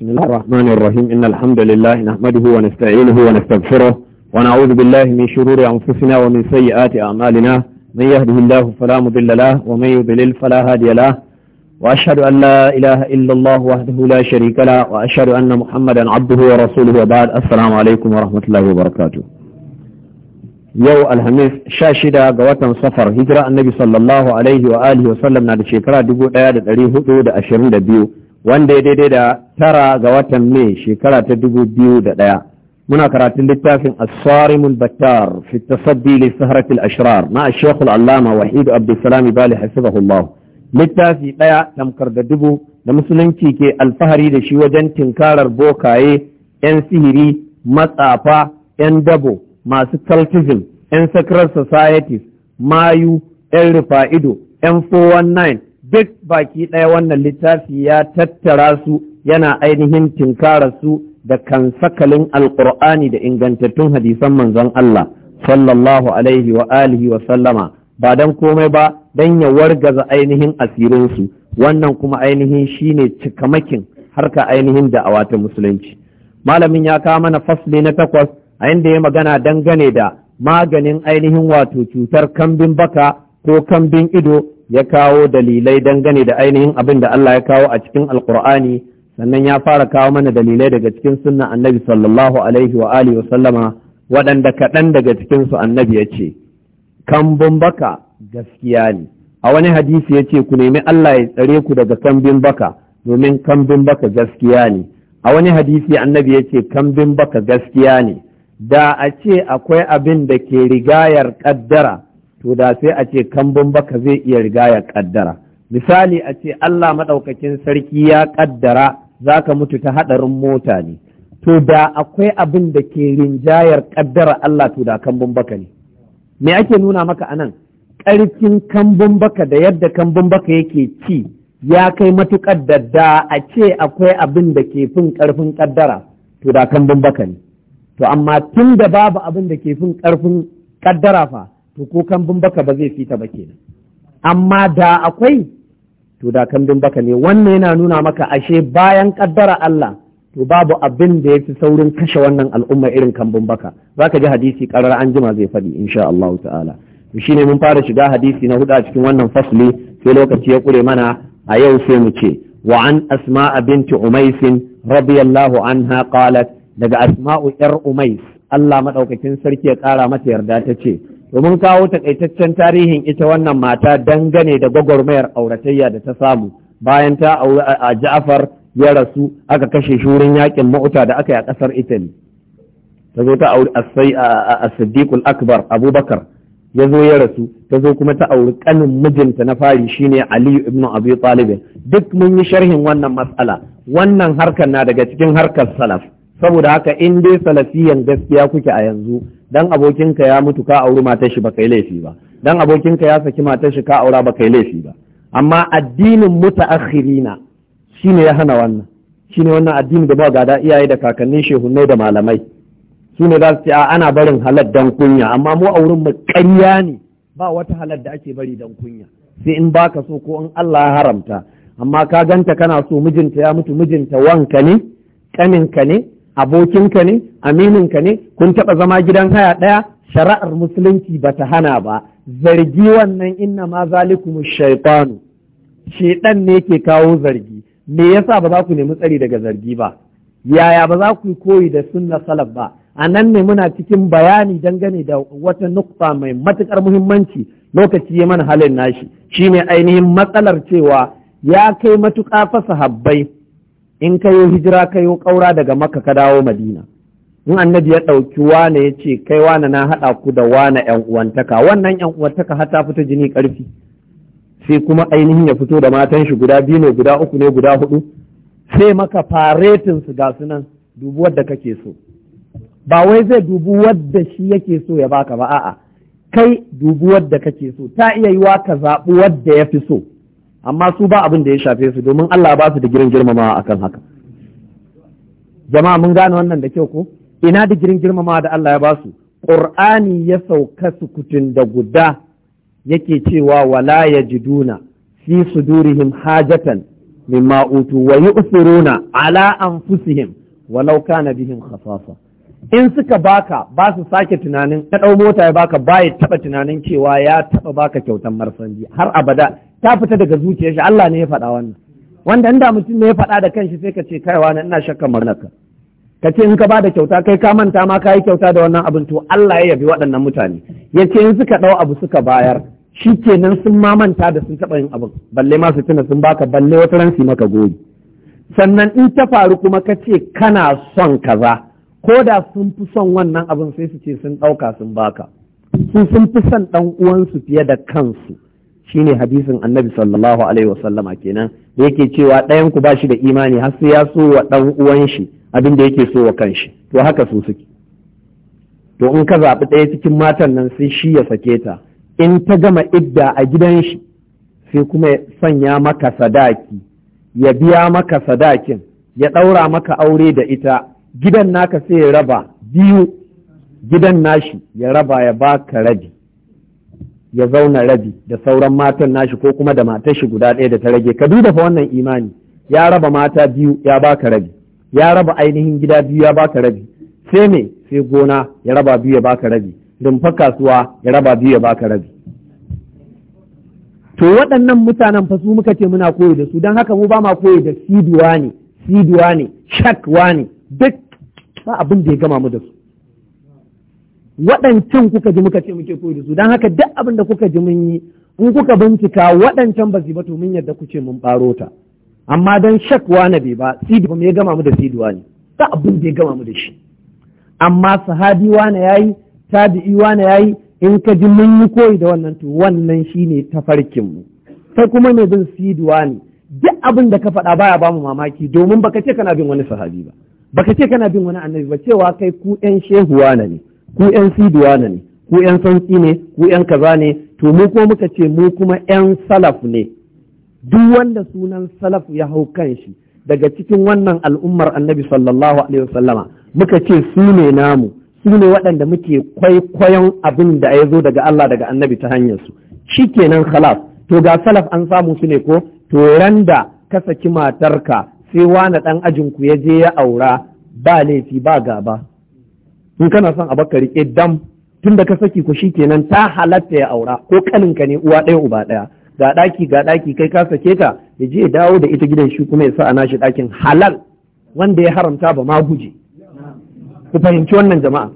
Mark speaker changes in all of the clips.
Speaker 1: بسم الله الرحمن الرحيم إن الحمد لله نحمده ونستعينه ونستغفره ونعوذ بالله من شرور أنفسنا ومن سيئات أعمالنا من يهده الله فلا مضل له ومن يضلل فلا هادي له وأشهد أن لا إله إلا الله وحده لا شريك له وأشهد أن محمدا عبده ورسوله وبعد السلام عليكم ورحمة الله وبركاته yau alhamis sha shida ga watan safar hijira annabi sallallahu alaihi wa alihi wasallam na da shekara dubu ɗaya da ɗari hudu da ashirin da biyu wanda ya daidai da tara ga watan mai shekara ta dubu biyu da ɗaya muna karatun littafin asarimul battar fi tasaddi li saharatil ashrar na shekul allama wahidu abdulsalami bali hasibahullahu littafi ɗaya tamkar da dubu da musulunci ke alfahari da shi wajen tinkarar bokaye 'yan sihiri matsafa 'yan dabo masu cultism 'yan sacred societies mayu 'yan rufa'ido 'yan 419 duk baki ɗaya wannan littafi ya tattara su yana ainihin tinkara su da kansakalin alƙur'ani da ingantattun hadisan manzon Allah sallallahu alaihi wa alihi wa sallama ba dan komai ba dan ya wargaza ainihin asirin su wannan kuma ainihin shine cikamakin harka ainihin da ta musulunci malamin ya kawo mana fasli na takwas a inda ya magana dangane da maganin ainihin wato cutar kambin baka ko kambin ido ya kawo dalilai dangane da ainihin abin da Allah ya kawo a cikin alkur'ani sannan ya fara kawo mana dalilai daga cikin sunna annabi sallallahu alaihi wa alihi sallama waɗanda kaɗan daga cikin su annabi ya ce kambun baka gaskiya ne a wani hadisi ya ce ku nemi Allah ya tsare ku daga kambin baka domin kambin baka gaskiya ne a wani hadisi annabi ya ce kambin baka gaskiya ne da a ce akwai abin da ke rigayar kaddara. to da sai a ce kambun baka zai iya riga ya kaddara misali a ce Allah maɗaukakin sarki ya kaddara za ka mutu ta haɗarin mota ne to da akwai abin da ke rinjayar kaddara Allah to da kambun baka ne me ake nuna maka anan ƙarfin kambun baka da yadda kambun baka yake ci ya kai matuƙar da da a ce akwai abin da ke fin ƙarfin kaddara to da kambun baka ne to amma tun da babu abin da ke fin ƙarfin kaddara fa to ko baka ba zai fita ba kenan amma da akwai to da kambin baka ne wannan yana nuna maka ashe bayan kaddara Allah to babu abin da ya fi saurin kashe wannan al'umma irin kambin baka zaka ji hadisi karar an jima zai faɗi insha Allah ta'ala to shine mun fara shiga hadisi na hudu a cikin wannan fasli sai lokaci ya kure mana a yau sai mu ce wa an asma'a binti umais radiyallahu anha qalat daga asma'u yar umais Allah madaukakin sarki ya kara mata yarda ta ce domin kawo takaitaccen tarihin ita wannan mata dangane da gwagwarmayar auratayya da ta samu bayan ta a Ja'far ya rasu aka kashe shi wurin yakin ma'uta da aka yi a ƙasar Italy ta zo ta auri a akbar Abubakar ya zo ya rasu ta zo kuma ta auri kanin mijinta na fari shine Aliyu ibn Abi Talib duk mun yi sharhin wannan matsala wannan harkar na daga cikin harkar salaf saboda haka in dai salafiyan gaskiya kuke a yanzu dan abokinka ya mutu ka auri matar shi baka laifi ba dan abokinka ya saki matar shi ka aura baka yi laifi ba amma addinin mutaakhirina shine ya hana wannan shine wannan addini da ba gada iyaye da kakannin shehunne da malamai su ne za su ce ana barin halar dan kunya amma mu a wurin mu ƙarya ne ba wata halar da ake bari dan kunya sai in baka so ko in Allah ya haramta amma ka ganta kana so mijinta ya mutu mijinta wanka ne kaninka ne abokinka ne amininka ne kun taɓa zama gidan haya ɗaya shari'ar musulunci ba ta hana ba zargi wannan inna ma zalikum shaytanu shedan ne ke kawo zargi me yasa ba za ku nemi tsari daga zargi ba yaya ba za ku koyi da sunna salaf ba a nan ne muna cikin bayani dangane da wata nukta mai matukar muhimmanci lokaci ya mana halin nashi shine ainihin matsalar cewa ya kai matuƙa fasa habbai. in ka yi hijira ka yi ƙaura daga maka ka dawo madina in annabi ya ɗauki wane ya ce kai wane na haɗa ku da wane ‘yan uwantaka wannan ‘yan uwantaka har ta fita jini ƙarfi sai kuma ainihin ya fito da matan shi guda biyu ne guda uku ne guda hudu sai maka faretin su ga sunan dubu wadda kake so ba wai zai dubu wadda shi yake so ya baka ba a'a kai dubu wadda kake so ta iya yiwa ka zaɓi wadda ya fi so amma su ba abin da ya shafe su domin Allah ba su digirin girmamawa akan haka jama'a mun gane wannan da kyau ko ina digirin girmamawa da Allah ya ba su ya sauka sukutun da guda yake cewa wala yajiduna fi sudurihim hajatan mimma utu wa yu'thiruna ala anfusihim walau kana bihim khasasa in suka baka ba su sake tunanin ta ɗau mota ya baka ba ya taɓa tunanin cewa ya taɓa baka kyautan marsanji har abada ta fita daga zuciyar shi Allah ne ya faɗa wannan wanda inda mutum ne ya faɗa da kanshi sai ka ce kaiwa na ina shakkan maganarka ka ce in ka ba da kyauta kai ka manta ma ka yi kyauta da wannan abin to Allah ya yabi waɗannan mutane ya ce in suka ɗau abu suka bayar shi kenan sun ma manta da sun taɓa yin abin balle ma su tuna sun baka balle wata ransi maka goyi sannan in ta faru kuma ka ce kana son kaza ko da sun fi son wannan abin sai su ce sun ɗauka sun baka su sun fi son ɗan uwansu fiye da kansu shine hadisin annabi sallallahu alaihi wasallama kenan da yake cewa ɗayan ku bashi da imani har sai ya so wa ɗan uwan shi abin da yake so wa kanshi to haka su suke to in ka zaɓi ɗaya cikin matan nan sai shi ya sake ta in ta gama idda a gidan shi sai kuma ya sanya maka sadaki ya biya maka sadakin ya ɗaura maka aure da ita gidan naka sai ya raba biyu gidan nashi ya raba ya ba ka rabi ya zauna rabi da sauran matan nashi ko kuma da matar shi guda ɗaya da ta rage ka duba fa wannan imani ya raba mata biyu ya ba ka rabi ya raba ainihin gida biyu ya ba ka rabi sai me sai gona ya raba biyu ya ba ka rabi rumfa kasuwa ya raba biyu ya ba ka rabi to waɗannan mutanen fa su muka ce muna koyi da su don haka mu ba ma koyi da siduwa ne siduwa ne shakwa ne duk ba abin da ya gama mu da su waɗancan kuka ji muka ce muke koyi da su don haka duk abin da kuka ji mun yi in kuka bincika waɗancan ba su ba to mun yadda ce mun ɓaro ta amma don shakwa na bai ba sidi ya gama mu da siduwa ne ba abin da ya gama mu da shi amma sahabi wane yi, tabi'i wane yi, in ka ji mun yi koyi da wannan to wannan shine tafarkin mu sai kuma mai bin siduwa ne duk abin da ka faɗa baya ba mu mamaki domin baka ce kana bin wani sahabi ba baka ce kana bin wani annabi ba cewa kai ku yan shehuwa ne ku yan siduwa ne ku yan santsi ne ku yan kaza ne to mu kuma muka ce mu kuma yan salaf ne duk wanda sunan salaf ya hau kan shi daga cikin wannan al'ummar annabi sallallahu alaihi wasallama muka ce su ne namu su ne waɗanda muke kwaikwayon abin da ya zo daga Allah daga annabi ta hanyar su shi kenan khalas to ga salaf an samu su ne ko to randa ka saki matarka sai wani ɗan ajinku ya je ya aura ba laifi ba gaba in kana son a baka riƙe dam tun da ka saki ku shi kenan ta halatta ya aura ko kaninka ne uwa ɗaya uba ɗaya ga ɗaki ga ɗaki kai ka sake ta ya je ya dawo da ita gidan shi kuma ya sa a nashi ɗakin halal wanda ya haramta ba ma guje ku fahimci wannan jama'a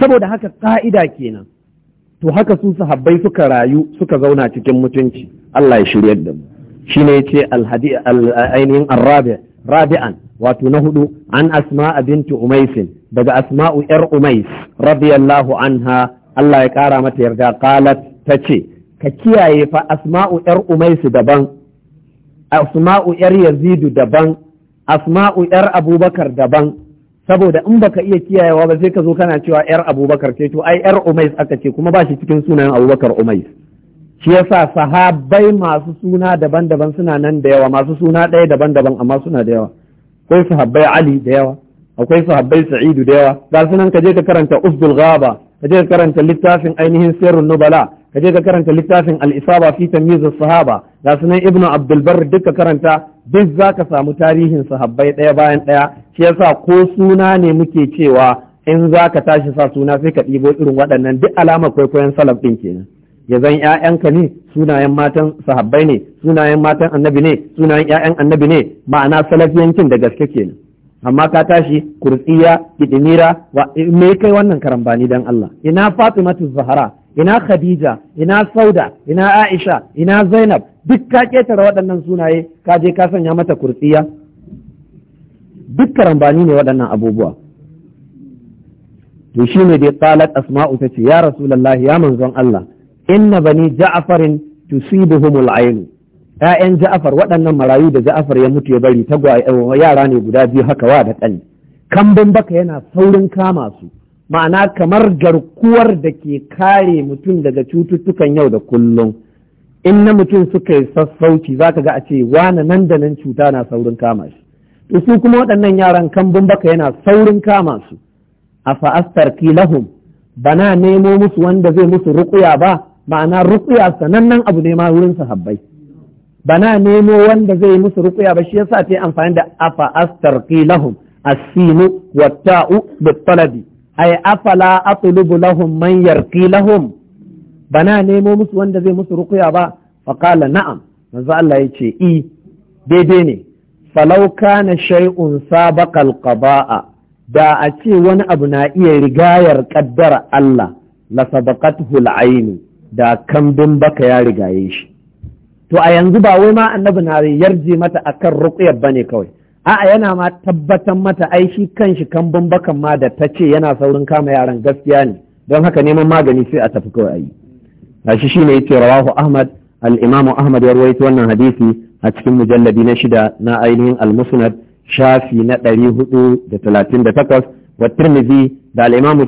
Speaker 1: saboda haka ka'ida kenan to haka su sahabbai suka rayu suka zauna cikin mutunci Allah ya shiryar da mu shine yace alhadi ainihin rabi'an wato na hudu an asma binti umaisin, daga asma'u yar umais radiyallahu anha Allah ya kara mata yarda qalat tace ka kiyaye fa asma'u yar umais daban asma'u yar yazidu daban asma'u yar abubakar daban saboda in baka iya kiyayewa ba sai ka zo kana cewa yar abubakar ce to ai yar umais aka ce kuma ba shi cikin sunayen abubakar umais shi yasa sahabai masu suna daban-daban suna nan da yawa masu suna ɗaya daban-daban amma suna da yawa akwai sahabbai ali da yawa akwai sahabbai sa'idu da yawa ga sunan ka je ka karanta usdul ghaba ka je ka karanta littafin ainihin sirrun nubala ka je ka karanta littafin al-isaba fi tamyiz sahaba ga sunan ibnu abdul barr duka karanta duk ka samu tarihin sahabbai ɗaya bayan ɗaya shi yasa ko suna ne muke cewa in zaka tashi sa suna sai ka ɗibo irin waɗannan duk alamar kwaikwayon salaf ɗin kenan ya zan ƴaƴanka ne sunayen matan sahabbai ne sunayen matan annabi ne sunayen ƴaƴan annabi ne ma'ana salafiyancin da gaske kenan amma ka tashi kurtsiya kidimira wa me kai wannan karambani dan Allah ina Fatimatu Zahra ina Khadija ina Sauda ina Aisha ina Zainab duk ka ketara waɗannan sunaye ka je ka sanya mata kurtsiya duk karambani ne waɗannan abubuwa to shine dai qalat asma'u ta ce ya rasulullahi ya manzon Allah inna bani ja'farin tusibuhumul ainu Ya'yan ja'far waɗannan marayu da ja'far ya mutu ya bari ta eh, yara ne guda biyu haka wa da kan kambun baka yana saurin kama su ma'ana kamar garkuwar da ke kare mutum daga cututtukan yau da kullum in na mutum suka yi sassauci za ka ga a ce wane nan da nan cuta na saurin kama shi to su kuma waɗannan yaran kambun baka yana saurin kama su a fa'astar kilahum bana nemo musu wanda zai musu ruƙuya ba ma'ana rukuya sanannen abu ne ma wurin sahabbai bana nemo wanda zai musu rukuya ba shi yasa ta amfani da afa astarqi lahum Asinu, sinu wat-ta'u bit-talabi ay afala atlubu lahum man yarqi lahum bana nemo musu wanda zai musu rukuya ba fa qala na'am manzo Allah yace i daidai ne falau kana shay'un sabaqa al da a ce wani abu na iya rigayar kaddara Allah la sabaqathu al da kambin baka ya rigaye shi to a yanzu ba wai ma annabi na yarje mata akan ba ne kawai a'a yana ma tabbatar mata ai shi kanshi kambin bakan ma da ta ce yana saurin kama yaran gaskiya ne don haka neman magani sai a tafi kawai ayi gashi shine yace rawahu ahmad al-imam ahmad ya rawaito wannan hadisi a cikin mujalladi na shida na ainihin al-musnad shafi na ɗari hudu da talatin da takwas WaTirmizi da al-imam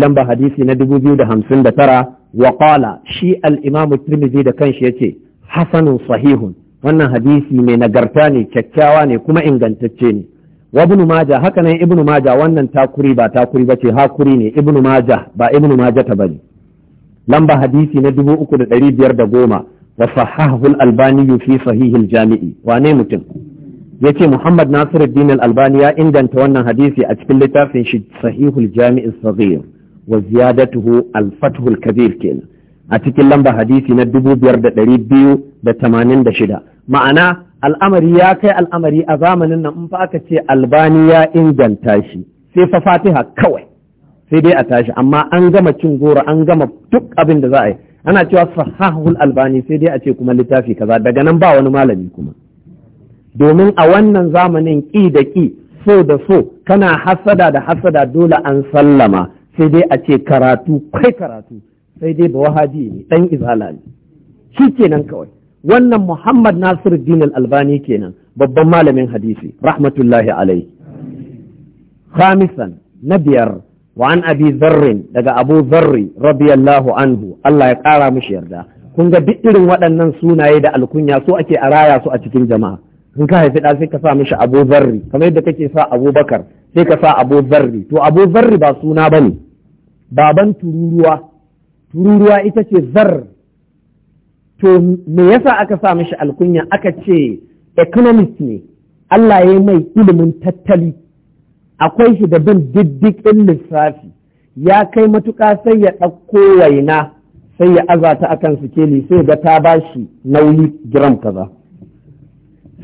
Speaker 1: lamba hadisi na 2059 wa qala shi al-imam tirmidhi da kanshi ce hasanun sahihun wannan hadisi mai nagarta ne kyakkyawa ne kuma ingantacce ne wa ibnu majah haka nan ibnu majah wannan takuri ba takuri bace hakuri ne ibnu majah ba ibnu majah ba ne. lamba hadisi na dubu 3510 wa sahahu al-albani fi sahih al-jami'i wane mutum yace Muhammad Nasiruddin Al-Albani ya inganta wannan hadisi a cikin littafin shi Sahihul jami'in as-Saghir wa ziyadatuhu Al-Fath kabir kenan a cikin lamba hadisi na shida. ma'ana al'amari ya kai al'amari a zamanin nan in fa aka ce Albani ya inganta shi sai fa Fatiha kawai sai dai a tashi amma an gama cin goro an gama duk abin da za a yi ana cewa sahahul albani sai dai a ce kuma littafi kaza daga nan ba wani malami kuma domin a wannan zamanin ƙi da ƙi so da so kana hasada da hasada dole an sallama sai dai a ce karatu kai karatu sai dai ba wahabi ne ɗan izala ne shi kenan kawai wannan muhammad nasir din albani kenan babban malamin hadisi rahmatullahi alaihi khamisan na biyar wa an abi zarrin daga abu zarri radiyallahu anhu Allah ya ƙara mishi yarda kun ga duk irin waɗannan sunaye da alkunya so ake a raya su a cikin jama'a in ka haifi ɗa sai ka sa mishi abu zarri kamar yadda kake sa abubakar sai ka sa abu zarri to abu zarri ba suna ba ne baban tururuwa tururuwa ita ce zar to me yasa aka sa mishi alkunya aka ce economist ne Allah ya yi mai ilimin tattali akwai shi da bin diddikin lissafi ya kai matuƙa sai ya ɗauko waina sai ya azata akan sikeli sai ga ta bashi nauyi giram kaza.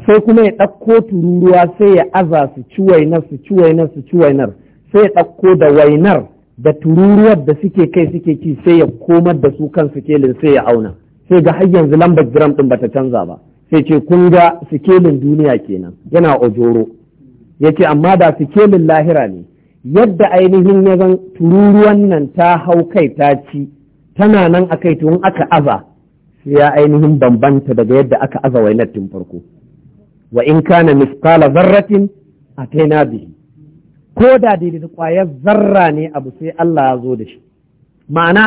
Speaker 1: sai kuma ya ɗakko tururuwa sai ya aza su ci wainar su ci wainar su ci wainar sai ya ɗauko da wainar da tururuwar da suke kai suke ci sai ya komar da su kan sikelin sai ya auna sai ga har yanzu lambar gram ɗin bata canza ba sai ce kun ga sikelin duniya kenan yana ojoro ya ce amma da sikelin lahira ne yadda ainihin ya zan tururuwan nan ta hau kai ta ci tana nan a kai tun aka aza sai ya ainihin bambanta daga yadda aka aza wainar tun farko wa in kana misqala zarratin ataina bihi ko da da kwayar zarra ne abu sai Allah ya zo da shi ma'ana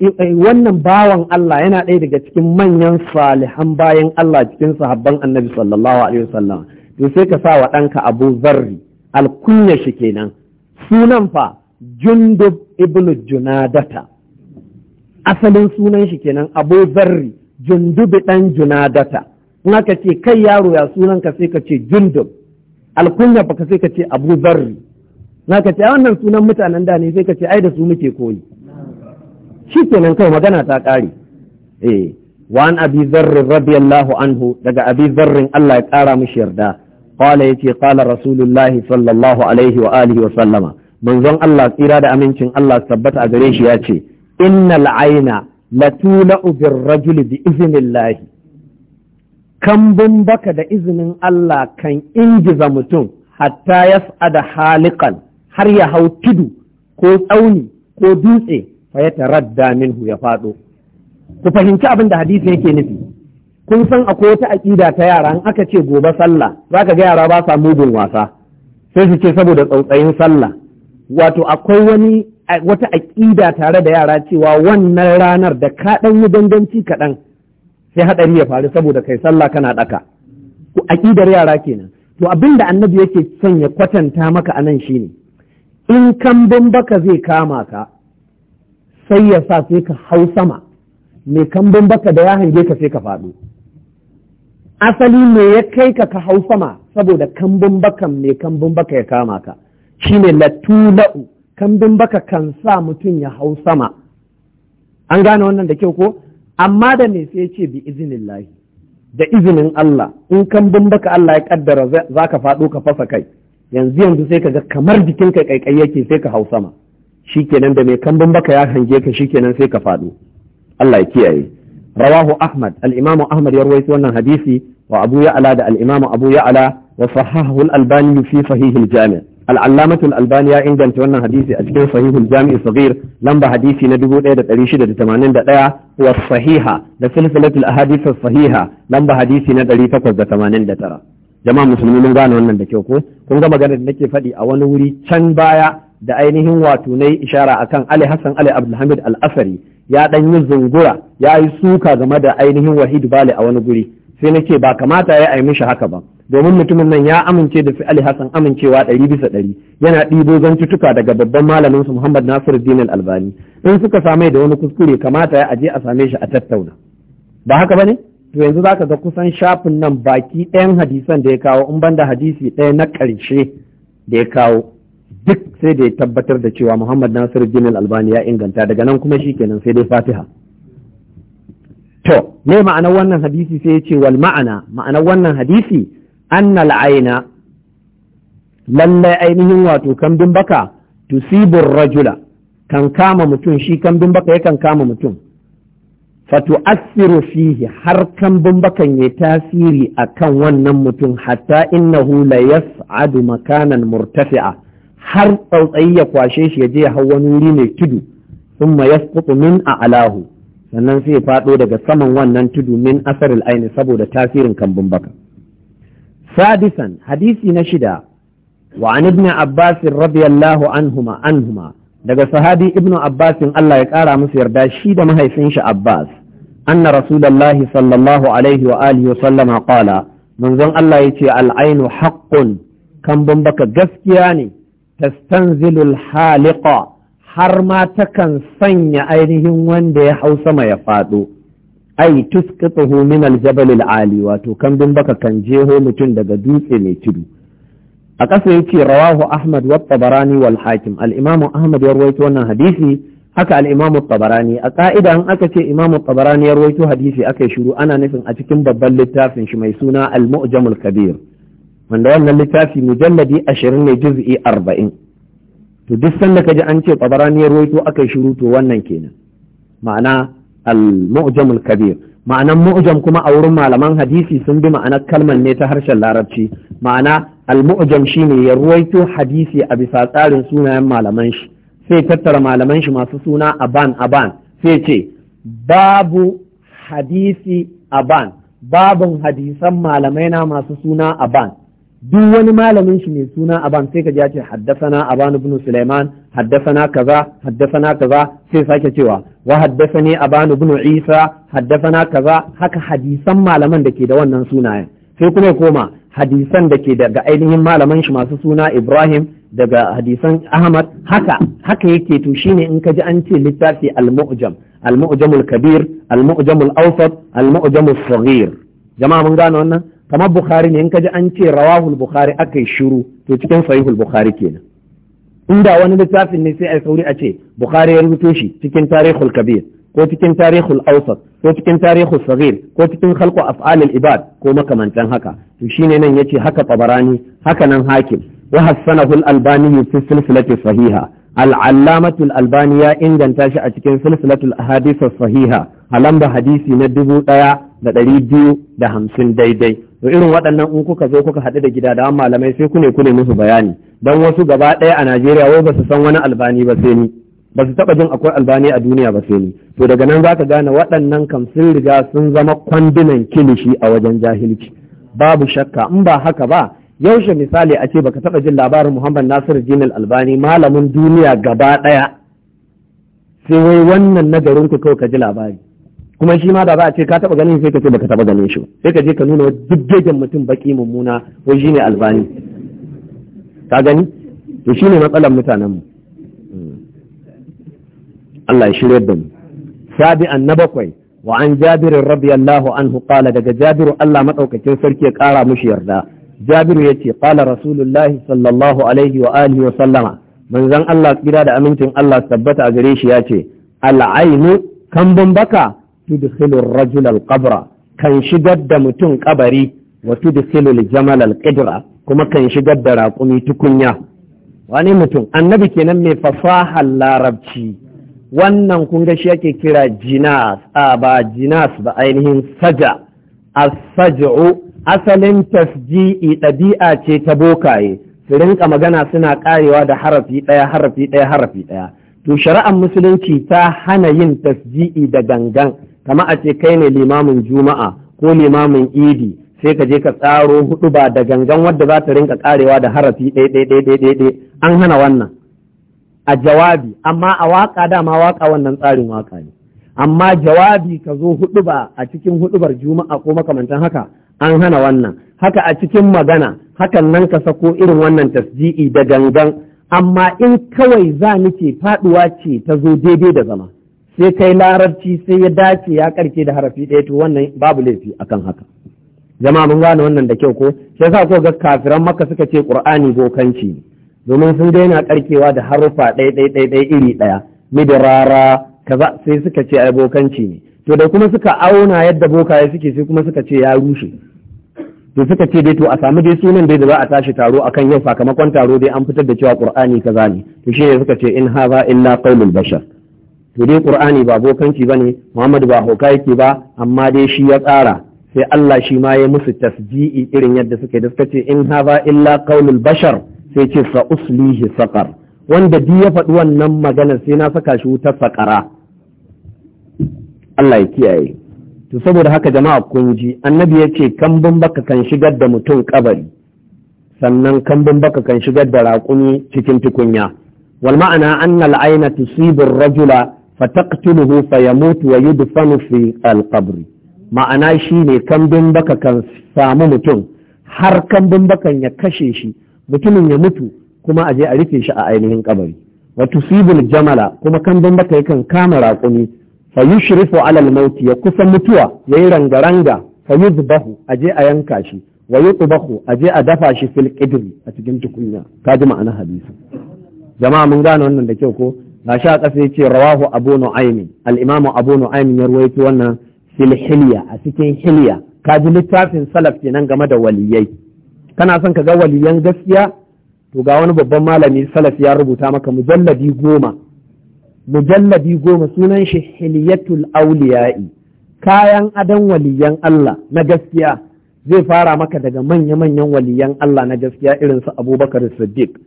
Speaker 1: eh, wannan bawan Allah yana ɗaya daga cikin manyan salihan bayan Allah cikin sahabban annabi sallallahu alaihi wasallam to sai ka sa wa ɗanka abu zarri alkunya shi kenan sunan fa jundub ibnu junadata asalin sunan shi kenan abu zarri jundubi ɗan junadata in aka ce kai yaro ya sunan ka sai ka ce jundub alkunya baka sai ka ce abu zarri in aka ce wannan sunan mutanen da ne sai ka ce ai da su muke koyi shi kenan kai magana ta ƙare eh wa an abi zarri radiyallahu anhu daga abi zarrin Allah ya ƙara mishi yarda qala yace qala rasulullahi sallallahu alaihi wa alihi wa sallama manzon Allah tsira da amincin Allah tabbata a gare shi yace ce innal aina latula'u birrajuli bi iznillahi kambun baka da izinin Allah kan ingiza mutum hatta ya da halikan har ya hau tudu ko tsauni ko dutse fa ya taradda minhu ya faɗo ku fahimci abin da hadisi yake nufi kun san akwai wata aƙida ta yara in aka ce gobe sallah zaka ga yara ba sa mugun wasa sai su ce saboda tsautsayin sallah wato akwai wani wata aƙida tare da yara cewa wannan ranar da ka ɗan yi danganci kaɗan sai haɗari ya faru saboda kai sallah kana ɗaka. ku aƙidar yara kenan to abin da annabi yake son ya kwatanta maka anan shine in kambun baka zai kama ka sai ya sa sai ka hau sama mai kambun baka da ya hange ka sai ka faɗo asali me ya kai ka ka hau sama saboda kambun baka mai kambun baka ya kama ka shine latula'u kambun baka kan sa mutum ya hau sama an gane wannan da kyau ko amma da me sai ce bi izinillahi. da izinin Allah in kan baka Allah ya kaddara za ka faɗo ka fasa kai yanzu yanzu sai ka ga kamar jikin ka kaikai yake sai ka hau sama kenan da mai kan baka ya hange ka shi kenan sai ka faɗo Allah ya kiyaye rawahu ahmad al-imamu ahmad ya rawaito wannan hadisi wa abu da al-imamu abu ya'ala wa Sahahu al-albani fi sahih jami العلامة الألباني عند تونا حديثي أتكين صحيح الجامع الصغير لمبا حديثي ندبو ايدا تريشدة تمانين دا والصحيحة دا سلسلة الأحاديث الصحيحة لمبا حديثي ندري تقوز دا تمانين دا ترى jama'a musulmi mun gane wannan da kyau ko kun ga maganar da nake faɗi a wani wuri can baya da ainihin wato nayi ishara akan Ali Hassan Ali Abdulhamid Al-Asari ya ɗan yin zungura ya yi suka game da ainihin Wahid Bale a wani guri sai na nake ba kamata ya yi mishi haka ba domin mutumin nan ya amince da Ali Hassan amincewa ɗari bisa ɗari yana ɗibo zantuttuka daga babban malamin su Muhammad Nasiruddin Al-Albani in suka same da wani kuskure kamata ya aje a same shi a tattauna ba haka ba ne? to yanzu zaka ga kusan shafin nan baki ɗayan hadisan da ya kawo in banda hadisi ɗaya na ƙarshe da ya kawo duk sai da ya tabbatar da cewa Muhammad Nasiruddin albani ya inganta daga nan kuma shi kenan sai dai Fatiha to me ma'anar wannan hadisi sai ya ce wal ma'ana ma'anar wannan hadisi annal aina lallai ainihin wato kambin baka tusibur rajula kan kama mutum shi kambin baka yakan kama mutum fatu asiru fihi har kambin bakan ya tasiri a kan wannan mutum hatta innahu la yas'adu makanan murtafi'a har tsautsayi ya kwashe shi ya je ya hau wani wuri mai tudu thumma yasqutu min a'lahu sannan sai ya faɗo daga saman wannan tudu min asarar aini saboda tasirin kambin baka سادسا hadisi na shida ابن abbasin رضي الله عنهما عنهما daga sahabi ibnu abbasin Allah ya kara musu yarda shi da mahaifin shi abbas anna rasulullahi sallallahu alaihi wa alihi wa sallama qala manzon Allah ce al'ainu haqqun kan baka gaskiya ne tastanzilul haliqa har ma takan sanya ainihin wanda ya hau sama ya fado ai tusqituhu min al ali wato kambin baka kan jeho mutum daga dutse mai tudu a ƙasa yake rawahu ahmad wa tabarani wal hakim al-imamu ahmad ya rawaito wannan hadisi haka al-imamu tabarani a ka'ida an aka ce imamu tabarani ya rawaito hadisi aka shiru ana nufin a cikin babban littafin shi mai suna al-mu'jamul kabir wanda wannan littafi mujalladi 20 ne juz'i 40 to duk sanda kaji an ce tabarani ya rawaito aka shiru to wannan kenan ma'ana al ma'anan mu'jam kuma a wurin malaman hadisi sun bi ma'anar kalman ne ta harshen larabci ma'ana almu'jam mujam shine ya ruwaito hadisi a bisa tsarin sunayen malaman shi sai tattara malaman shi masu suna aban aban sai ce babu hadisi aban babun hadisan malamai na masu suna aban duk wani malamin shi mai suna aban sai ka ji ya ce haddasana aban ibn sulaiman haddasana kaza haddasana kaza sai sake cewa wa haddasani aban ibn isa haddasana kaza haka hadisan malaman da ke da wannan sunayen sai kuma koma hadisan da ke daga ainihin malaman shi masu suna ibrahim daga hadisan ahmad haka haka yake to shine in ka ji an ce littafi al-mu'jam al-mu'jamul kabir al-mu'jamul awsat al-mu'jamul saghir jama'a mun gane wannan kamar bukhari ne in ka ji an ce rawahul bukhari aka yi shiru to cikin sahihul bukhari kenan inda wani littafin ne sai a sauri a ce bukhari ya rubuto shi cikin tarihul kabir ko cikin tarihul awsat ko cikin tarihul saghir ko cikin khalqu af'alil ibad ko makamantan haka to shine nan yace haka tabarani haka nan hakim wa hassanahu al-albani fi silsilati sahiha al-allamatu al-albani ya inganta shi a cikin silsilatul ahadith sahiha a lamba hadisi na dubu ɗaya da ɗari biyu da hamsin daidai to irin waɗannan in kuka zo kuka haɗu da gida da malamai sai ku ne ku ne musu bayani dan wasu gaba ɗaya a Najeriya wai ba su san wani albani ba sai ni ba su taɓa jin akwai albani a duniya ba sai ni to daga nan za ka gane waɗannan kam sun riga sun zama kwandunan kilishi a wajen jahilci babu shakka in ba haka ba yaushe misali a ce baka taɓa jin labarin Muhammad Nasiru al Albani malamin duniya gaba ɗaya sai wai wannan nagarin ku kawai ka ji labari kuma shi ma da za a ce ka taba ganin sai ka ce baka taba ganin shi sai ka je ka nuna duk gegen mutum baki mummuna ko shi ne albani ka gani to shi ne matsalar mutanen mu hmm. Allah ya shirya da mu sabi bakwai wa an jabir radiyallahu anhu qala daga jabiru Allah madaukakin sarki ya kara mushi yarda jabiru yace qala rasulullahi sallallahu alaihi wa alihi wa sallama manzon Allah kira da amincin Allah tabbata a gare shi yace al-ainu kan baka tudkhilu ar-rajul al-qabra kan shigar da mutum kabari wa tudkhilu al-jamal al-qidra kuma kan shigar da raƙumi tukunya wani mutum annabi kenan mai fasahar larabci wannan kun ga shi yake kira jinas a ba jinas ba ainihin saja as-saj'u asalin tasji'i ɗabi'a ce ta bokaye su rinka magana suna karewa da harafi ɗaya harafi ɗaya harafi ɗaya to shari'ar musulunci ta hana yin tasji'i da gangan kama a ce kai ne limamin juma'a ko limamin idi sai ka je ka tsaro hudu ba da gangan wadda za ta rinka karewa da harafi ɗaiɗaiɗaiɗaiɗai an hana wannan a jawabi amma a waka dama waka wannan tsarin waka ne amma jawabi ka zo hudu ba a cikin hudubar juma'a ko makamantan haka an hana wannan haka a cikin magana hakan nan ka sako irin wannan tasji'i da gangan amma in kawai za ni faɗuwa faduwa ce ta zo daidai da zama sai kai larabci sai ya dace ya karke da harafi ɗaya to wannan babu laifi akan haka jama'a mun gane wannan da kyau ko shi sa ko ga kafiran maka suka ce qur'ani bokanci domin sun daina karkewa da harufa ɗaya ɗaya ɗaya iri ɗaya rara kaza sai suka ce ai bokanci ne to da kuma suka auna yadda bokaye suke sai kuma suka ce ya rushe to suka ce dai to a sami dai sunan dai da za a tashi taro akan yau sakamakon taro dai an fitar da cewa qur'ani kaza ne to shine suka ce in haza illa qaulul bashar to dai qur'ani ba bokanci bane muhammadu ba hoka yake ba amma dai shi ya tsara sai Allah shi ma ya musu tasji'i irin yadda suke da suka ce in ba illa qaulul bashar sai ce sa uslihi saqar wanda duk ya faɗi wannan magana sai na saka shi wutar saqara Allah ya kiyaye to saboda haka jama'a kun ji annabi ya ce kambun baka kan shigar da mutum kabari sannan kambun baka kan shigar da raƙumi cikin tukunya wal ma'ana annal aina ayna tusibu rajula fataqtuluhu fayamutu wa yudfanu fi alqabri ma'ana shine kambin baka kan samu mutum har kambin bakan ya kashe shi mutumin ya mutu kuma aje a rufe shi a ainihin kabari Watu tusibul jamala kuma kambin baka yakan kama raƙumi fa yushrifu ala almauti ya kusa mutuwa yayi rangaranga fa yudbahu aje a yanka shi wa yutbahu aje a dafa shi fil qidri a cikin tukunya kaji ma'ana hadisi jama'a mun gane wannan da kyau ko ga a ƙasa ya ce rawahu abu nu'aymin al'imamu abu nu'aymin ya ruwaito wannan fil a cikin hilya ka ji littafin salaf ke nan game da waliyai kana son ka ga waliyan gaskiya to ga wani babban malami salaf ya rubuta maka mujalladi goma mujalladi goma sunan shi hilyatul auliya'i kayan adon waliyan Allah na gaskiya zai fara maka daga manya-manyan waliyan Allah na gaskiya irin su Abubakar Siddiq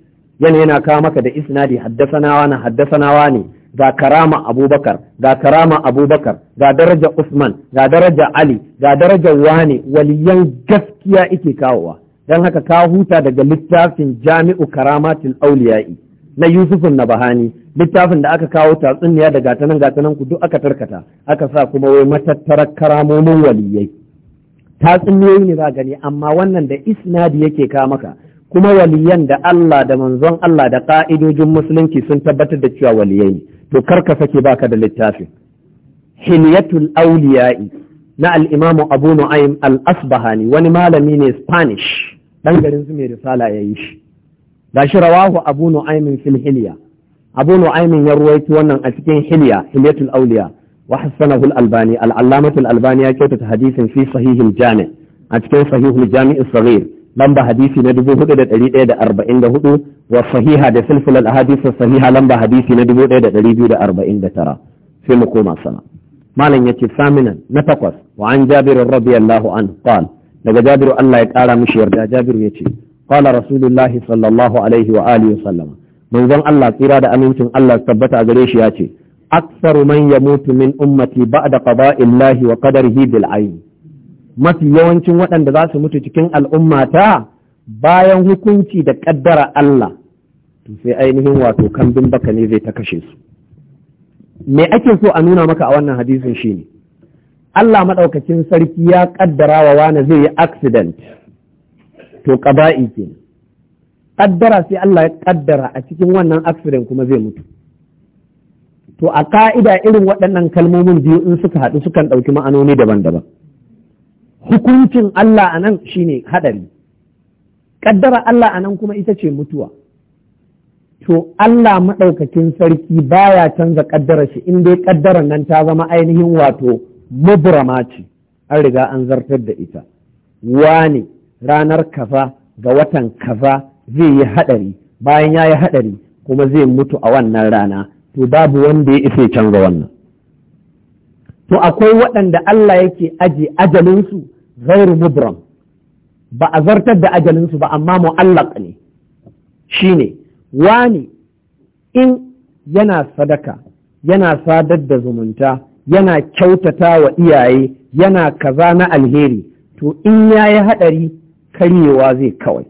Speaker 1: yana yana kawo maka da isnadi haddasana na haddasana ne ga karama abubakar ga karama abubakar ga daraja usman ga daraja ali ga daraja wani waliyan gaskiya ike kawowa don haka ka huta daga littafin jami'u karamatul auliya'i na yusufun na bahani littafin da aka kawo tatsuniya da gatanan gatanan ku duk aka tarkata aka sa kuma wai matattarar karamomin waliyai tatsuniyoyi ne za gani amma wannan da isnadi yake ka maka kuma waliyan da Allah da manzon Allah da ka'idojin musulunci sun tabbatar da cewa waliyai ne to karka sake baka da littafin hilyatul auliya'i na al-imam Abu Nu'aym al-Asbahani wani malami ne Spanish dan garin su mai risala yayi shi gashi rawahu Abu Nu'aym fil hilya Abu Nu'aym ya ruwaito wannan a cikin hilya hilyatul auliya wa hassanahu al-Albani al-Allamah al-Albani ya kyautata hadisin fi sahihil jami' a cikin sahihul jami' as-saghir lamba hadisi na 4144 wa sahiha da silsilar ahadith sahiha lamba hadisi na 1249 sai mu koma sana malam yace saminan na takwas wa an jabir radiyallahu an. qala daga jabiru Allah ya kara mishi yarda jabir yace qala rasulullahi sallallahu alaihi wa alihi wa sallam manzon Allah tsira da amincin Allah tabbata a ce. aksar yace أكثر من يموت من أمتي بعد قضاء الله وقدره بالعين mafi yawancin waɗanda za su mutu cikin al'umma ta bayan hukunci da ƙaddara Allah to sai ainihin wato kambin baka ne zai ta kashe su me ake so a nuna maka a wannan hadisin shi ne? Allah maɗaukacin sarki ya ƙaddara wa wani zai yi accident to ƙaba'i ƙaddara sai Allah ya ƙaddara a cikin wannan accident kuma zai mutu to a ka'ida irin waɗannan kalmomin biyu in suka haɗu sukan ɗauki ma'anoni daban-daban hukuncin Allah a nan ne haɗari ƙaddara Allah a nan kuma ita ce mutuwa to Allah maɗaukakin sarki baya canza ƙaddara shi in dai ƙaddarar nan ta zama ainihin wato maburama ce an riga an zartar da ita wane ranar kaza ga watan kaza zai yi haɗari bayan ya yi haɗari kuma zai mutu a wannan rana to babu wanda ya isa canza wannan to akwai waɗanda Allah yake aje ajalinsu ghairu mubram ba a zartar da ajalinsu ba amma mu'allaq ne Shi wa wani in yana sadaka yana sadar da zumunta yana kyautata wa iyaye yana kaza na alheri to in ya yi haɗari karyewa zai kawai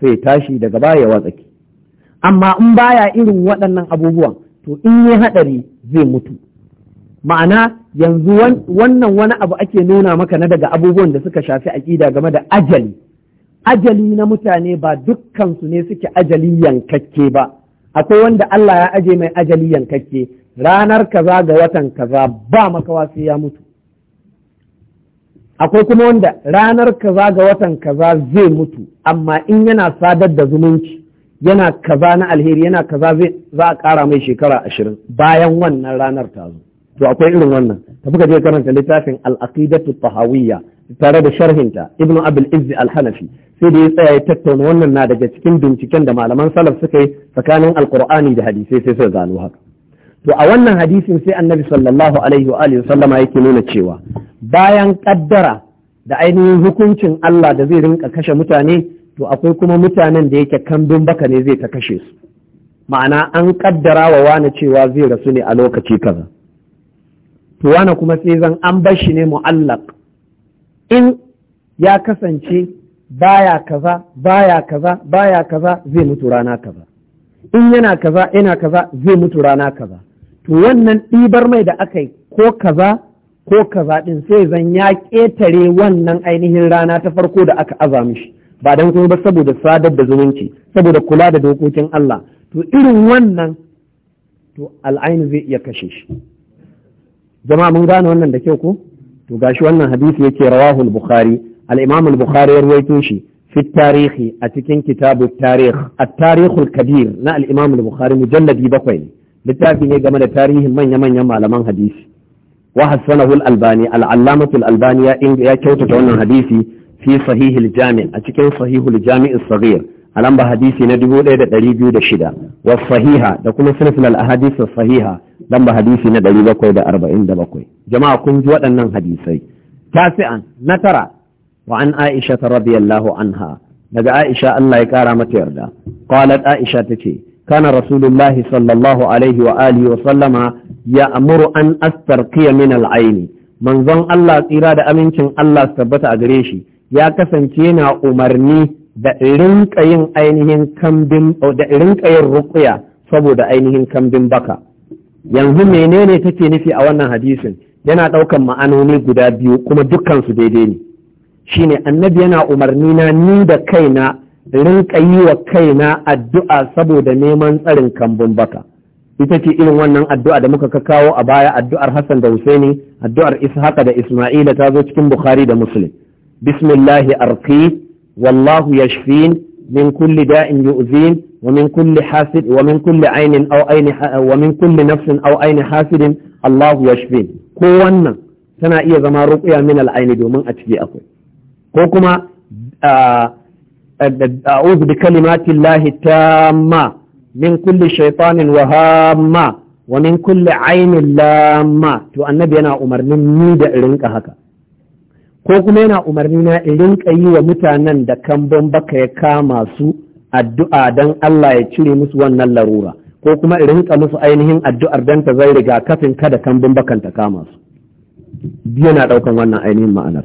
Speaker 1: sai tashi daga baya watsaki amma in baya irin waɗannan abubuwan to in yi haɗari zai mutu ma'ana yanzu wannan wani abu ake nuna maka na daga abubuwan da suka shafi aƙida game da ajali ajali na mutane ba dukkansu ne suke ajali yankakke ba akwai wanda Allah ya aje mai ajali yankakke ranar kaza ga watan kaza ba makawa sai ya mutu akwai kuma wanda ranar kaza ga watan kaza zai mutu amma in yana sadar da zumunci yana kaza na alheri yana kaza za a kara mai shekara ashirin bayan wannan ranar ta zo to akwai irin wannan tafi ka je karanta littafin al-aqidatu tahawiyya tare da sharhinta ibn abul izzi al-hanafi sai da ya tsaya ya tattauna wannan na daga cikin binciken da malaman salaf suka yi tsakanin alqur'ani da hadisai sai suka gano haka to a wannan hadisin sai annabi sallallahu alaihi wa alihi sallama yake nuna cewa bayan kaddara da ainihin hukuncin Allah da zai rinka kashe mutane to akwai kuma mutanen da yake kambin baka ne zai ta kashe su ma'ana an kaddara wa wani cewa zai rasu ne a lokaci kaza to wani kuma sai zan an bar shi ne mu'allaq in ya kasance baya kaza baya kaza baya kaza zai mutu rana kaza in yana kaza yana kaza zai mutu rana kaza to wannan ɗibar mai da aka yi ko kaza ko kaza ɗin sai zan ya ƙetare wannan ainihin rana ta farko da aka aza mishi ba don kuma ba saboda sadar da zumunci saboda kula da dokokin Allah to irin wannan to al'ainu zai iya kashe shi jama'a mun gane wannan da kyau ko to gashi wannan hadisi yake rawahu al-bukhari al-imam bukhari ya ruwaito shi fi tarihi a cikin kitabu tarikh at-tarikh kabir na al-imam bukhari mujalladi bakwai ne littafi ne game da tarihin manya-manyan malaman hadisi wa hassanahu albani al-allamatu albani ya kyautata wannan hadisi fi sahihil al-jami' a cikin sahih al-jami' as-saghir a lamba hadisi na shida wa sahiha da kuma sunfil al-ahadith sahiha lamba hadisi na ɗari bakwai da arba'in da bakwai jama'a kun ji waɗannan hadisai tasi'an na tara wa an aisha ta radiyallahu anha daga aisha Allah ya kara mata yarda qalat aisha tace kana rasulullahi sallallahu alaihi wa alihi wa sallama ya amuru an astarqiya min al-aini manzon Allah tsira da amincin Allah tabbata a gare shi ya kasance yana umarni da rinka yin ainihin kambin da rinka yin ruqya saboda ainihin kambin baka yanzu menene take nufi a wannan hadisin yana ɗaukan ma'anoni guda biyu kuma dukkansu daidai ne shine annabi yana umarni na ni da kaina rinka yi wa kaina addu'a saboda neman tsarin kambun baka ita ce irin wannan addu'a da muka kawo a baya addu'ar Hassan da Husaini addu'ar Ishaqa da Isma'ila ta zo cikin Bukhari da Muslim bismillahi arki, wallahu yashfin من كل داء يؤذين ومن كل حاسد ومن كل عين أو عين ومن كل نفس ko wannan tana iya zama ruqya min al'aini domin a ciki akwai ko kuma a'udhu bi kalimati llahi tamma min kulli shaytanin wahamma wa min kulli ainin lamma to annabi yana umarnin ni da irinka haka ko kuma yana umarni na in rinka yi wa mutanen da kambon baka ya kama su addu'a don Allah ya cire musu wannan larura ko kuma in rinka musu ainihin addu'ar don ta zai riga kafin kada kambon bakan ta kama su yana daukan wannan ainihin ma'anar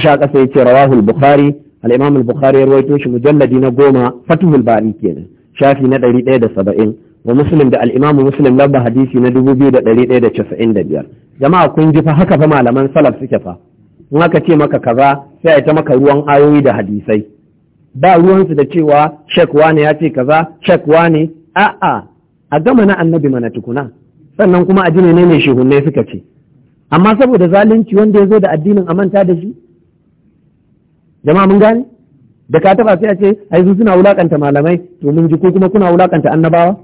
Speaker 1: sha kasa ƙasa ce rawahul bukhari al bukhari ya rawaito shi mujalladi na goma fathul bari kenan shafi na ɗari ɗaya da saba'in wa muslim da al'imamu muslim lamba hadisi na dubu biyu da ɗari ɗaya da casa'in da biyar jama'a kun ji fa haka fa malaman salaf suke fa in aka ce maka kaza sai a ta maka ruwan ayoyi da hadisai ba ruwansu da cewa shek wane ya ce kaza shek wane a'a a gama na annabi mana tukuna sannan kuma a ji ne ne shehunne suka ce amma saboda zalunci wanda ya zo da addinin a manta da shi jama'a mun gane da ka taba sai a ce ai su suna wulakanta malamai to mun ji ko kuma kuna wulakanta annabawa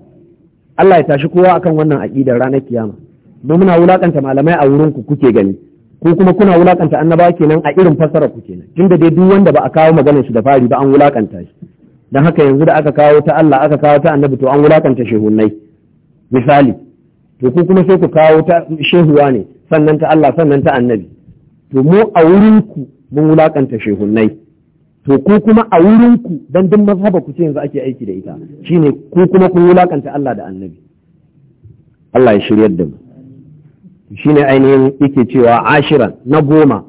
Speaker 1: Allah ya tashi kowa akan wannan aqidar ranar kiyama mu muna wulakanta malamai a wurin ku kuke gani ko kuma kuna wulakanta annaba kenan a irin fassara ku kenan tunda dai duk wanda ba a kawo maganar shi da fari ba an wulakanta shi dan haka yanzu da aka kawo ta Allah aka kawo ta annabi to an wulakanta shehunnai misali to ku kuma sai ku kawo ta shehuwa ne sannan ta Allah sannan ta annabi to mu a wurin ku mun wulakanta shehunnai to ku kuma a wurin ku dan duk mazhaba ku ce yanzu ake aiki da ita shine ku kuma kun wulakanta Allah da annabi Allah ya shiryar da mu shine ainihin yake cewa ashiran na goma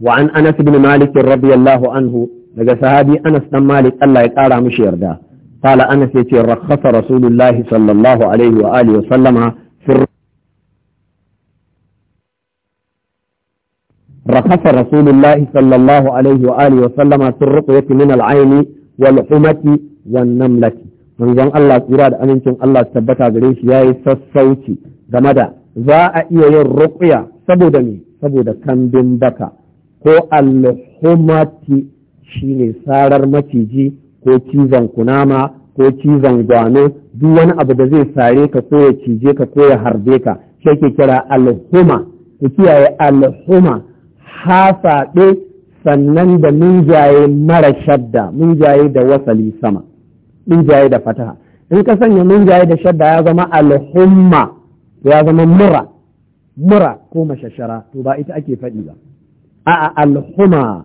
Speaker 1: wa an anas bin malikin radiyallahu anhu daga sahabi anas dan malik Allah ya kara mishi yarda qala anas yace rakhasa rasulullahi sallallahu alaihi wa alihi wa sallama رخص رسول الله صلى الله عليه وآله وسلم في الرقية من العين والحمة والنملة من الله إراد أن الله ثبت عليه يا game da za a iya yin ruƙuya saboda ne saboda kambin baka ko alhumati shine sarar maciji ko cizon kunama ko cizon gwano duk wani abu da zai sare ka ko ya cije ka ko ya harbe ka shi ke kira alhuma ku kiyaye alhuma hasaɗe sannan da munjaye mara shadda munjaye da wasali sama munjaye da fataha in ka sanya munjaye da shadda ya zama alhumma ya zama mura mura ko mashashara to ba ita ake faɗi ba a'a alhuma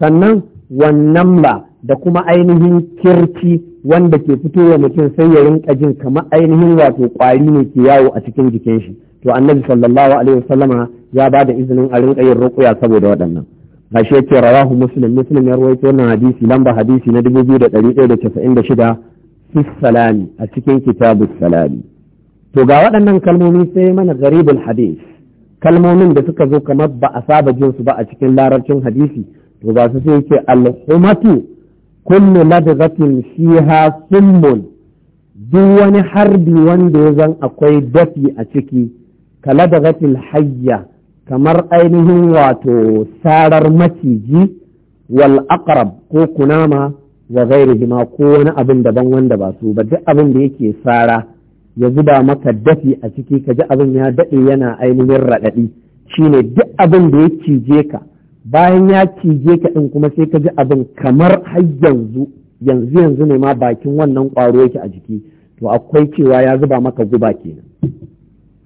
Speaker 1: sannan wannan ba da kuma ainihin kirci wanda ke fitowa mutum sai ya rinka jin kamar ainihin wato ƙwari ne ke yawo a cikin jikin shi to annabi sallallahu alaihi wasallam ya ba da izinin a rinka yin ruqya saboda waɗannan gashi yake rawahu muslim muslim ya rawaito wannan hadisi lamba hadisi na 2196 fi salami a cikin kitabus salami to ga waɗannan kalmomi sai mana garibul hadis kalmomin da suka zo kamar ba a saba jin su ba a cikin larabcin hadisi to ba su sai yake al-humatu kullu ladghatin fiha summun duk wani harbi wanda ya zan akwai dafi a ciki kala da hayya kamar ainihin wato sarar maciji wal aqrab ko kunama wa ghairihima ko wani abin daban wanda ba su ba duk abin da yake sara ya zuba maka dafi a ciki ka ji abin ya daɗe yana ainihin raɗaɗi shine duk abin da ya cije ka bayan ya cije ka ɗin kuma sai ka ji abin kamar har yanzu yanzu yanzu ne ma bakin wannan ƙwaro yake a jiki to akwai cewa ya zuba maka guba kenan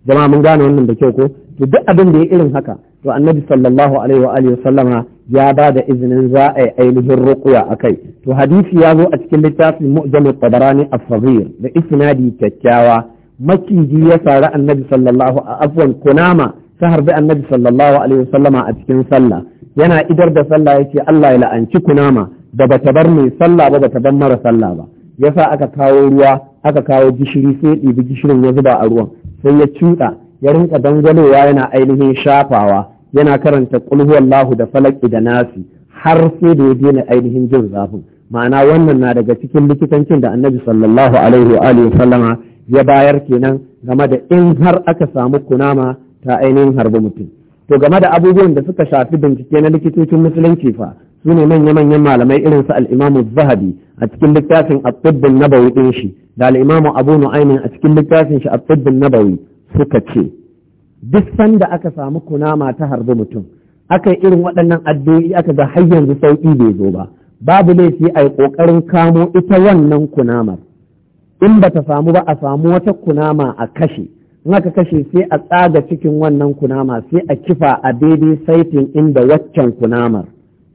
Speaker 1: jama'a mun gane wannan da kyau ko to duk abin da ya irin haka to annabi sallallahu alaihi wa alihi sallama ya ba da izinin za a yi ainihin ruqya akai to hadisi ya zo a cikin littafin mu'jamut tabarani as-saghir da isnadi kyakkyawa makiji ya sari annabi sallallahu afwan kunama ta harbi annabi sallallahu alaihi sallama a cikin sallah yana idar da sallah yace Allah ya la'anci kunama da bata bar mai sallah ba bata bar mara sallah ba yasa aka kawo ruwa aka kawo gishiri sai ɗibi gishirin ya zuba a ruwan sai ya cuɗa ya rinka dangwalowa yana ainihin shafawa yana karanta kulhuwallahu da falaki da nasi har sai da ya daina ainihin jin zafin ma'ana wannan na daga cikin likitancin da annabi sallallahu alaihi wa alihi sallama ya bayar kenan game da in har aka samu kunama ta ainihin harbi mutum to game da abubuwan da suka shafi bincike na likitocin musulunci fa su ne manya-manyan malamai irin su al'imamu zahabi a cikin littafin abdubbin nabawi ɗin shi da al'imamu abu nu'aimin a cikin littafin shi abdubbin nabawi suka ce duk sanda aka samu kunama ta harbi mutum aka irin waɗannan addu'o'i aka ga har yanzu sauƙi bai zo ba babu laifi a yi ƙoƙarin kamo ita wannan kunamar in ba ta samu ba a samu wata kunama a kashe in aka kashe sai a tsaga cikin wannan kunama sai a kifa a daidai saitin inda waccan kunamar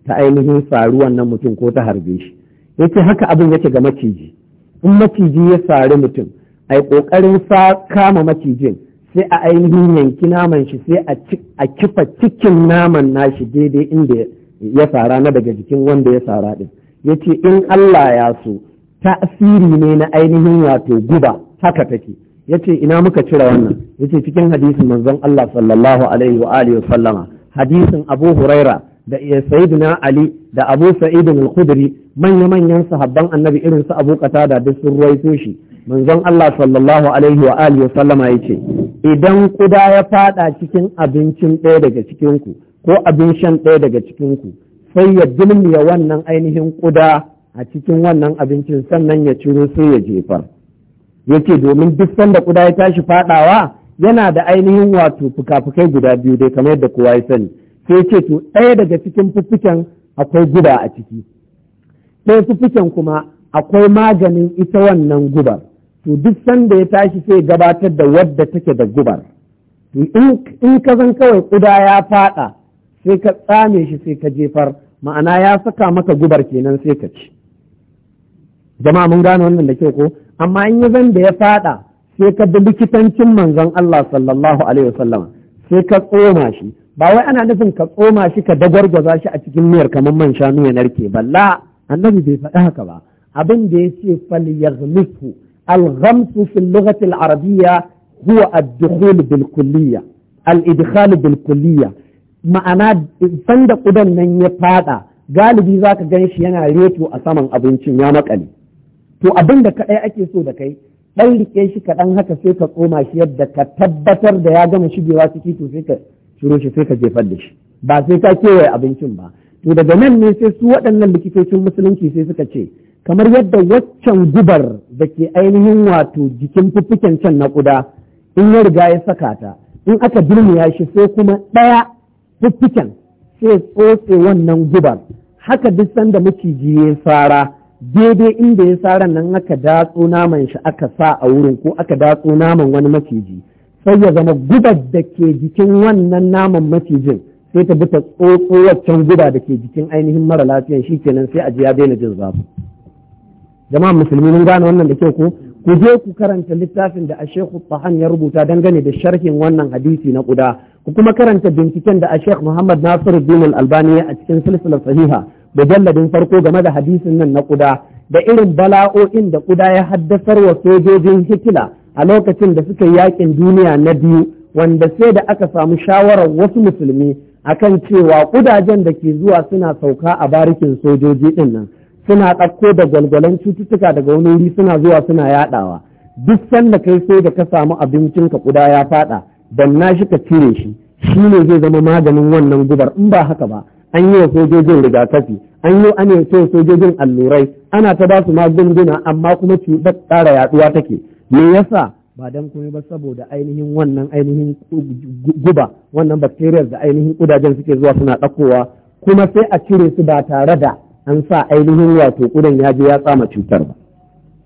Speaker 1: ta ainihin faruwan nan mutum ko ta harbe shi yace haka abin yake ga maciji in maciji ya faru mutum ai ƙoƙarin sa kama macijin sai a ainihin yanki naman shi sai a kifa cikin naman nashi daidai inda ya fara na daga jikin wanda ya sara din yace in Allah ya so tasiri ne na ainihin wato guba haka take yace ina muka cire wannan yace cikin hadisin manzon Allah sallallahu alaihi wa alihi sallama hadisin Abu Huraira da sayyidina ali da abu sa'id al-khudri manya manyan sahabban annabi irin su abu qatada duk sun ruwaito shi manzon Allah sallallahu alaihi wa alihi sallama yace idan kuda ya fada cikin abincin ɗaya daga cikin ku ko abin shan ɗaya daga cikin ku sai ya dulmiya wannan ainihin kuda a cikin wannan abincin sannan ya ciro sai ya jefar yace domin duk sanda kuda ya tashi fadawa yana da ainihin wato fuka-fukai guda biyu dai kamar yadda kowa ya sani sai ce to ɗaya daga cikin fuffuken akwai guba a ciki sai fuffuken kuma akwai maganin ita wannan gubar to duk sanda ya tashi sai gabatar da wadda take da gubar to in ka zan kawai ƙuda ya faɗa sai ka tsame shi sai ka jefar ma'ana ya saka maka gubar kenan sai ka ci jama mun gane wannan da kyau ko amma in ya zan da ya faɗa sai ka bi likitancin manzon Allah sallallahu alaihi wasallam sai ka tsoma shi ba wai ana nufin ka tsoma shi ka dagwargwaza shi a cikin miyar kamar man shanu ya narke balla annabi bai faɗi haka ba abin da ya ce fal yaghmisu al-ghamsu fi al-lughati al-arabiyya huwa ad-dukhul bil kulliyya al-idkhal bil kulliyya ma'ana sanda kudan nan ya fada galibi zaka gan shi yana reto a saman abincin ya makale to abin da kadai ake so da kai ɗan rike shi kaɗan haka sai ka tsoma shi yadda ka tabbatar da ya gama shigewa ciki to sai ka turo shi sai ka jefar da shi ba sai ka kewaye abincin ba to daga nan ne sai su waɗannan likitocin musulunci sai suka ce kamar yadda waccan gubar da ke ainihin wato jikin fuffuken can na ƙuda in ya riga ya saka ta in aka birniya shi sai kuma ɗaya fuffuken sai tsotse wannan gubar haka duk sanda maciji ya fara daidai inda ya fara nan aka datso naman shi aka sa a wurin ko aka datso naman wani maciji sai ya zama gubar da ke jikin wannan naman macijin sai ta bi ta tsotso waccan guba da ke jikin ainihin mara lafiyan shi kenan sai a ji ya daina jin zafi jama'a musulmi mun gane wannan da kyau ko ku je ku karanta littafin da Ashekhu Tahan ya rubuta dangane da sharhin wannan hadisi na kuda ku kuma karanta binciken da Ashekh Muhammad Nasiruddin Al-Albani a cikin silsilar sahiha mujalladin farko game da hadisin nan na kuda da irin bala'o'in da kuda ya haddasar wa sojojin Hitler a lokacin da suka yi yakin duniya na biyu wanda sai da aka samu shawarar wasu musulmi a kan cewa kudajen da ke zuwa suna sauka a barikin sojoji ɗin nan suna ɗauko da gwalgwalan cututtuka daga wani wuri suna zuwa suna yaɗawa duk sanda kai sai da ka samu abincin ka kuda ya faɗa dan na shi ka cire shi shi ne zai zama maganin wannan gubar in ba haka ba an yi wa sojojin rigakafi an yi an yi sojojin allurai ana ta ba su magunguna amma kuma cutar ƙara yaɗuwa take me yasa ba dan kuma ba saboda ainihin wannan ainihin guba wannan bacteria da ainihin kudajen suke zuwa suna ɗakowa kuma sai a cire su ba tare da an sa ainihin wato kudan ya je ya tsama cutar ba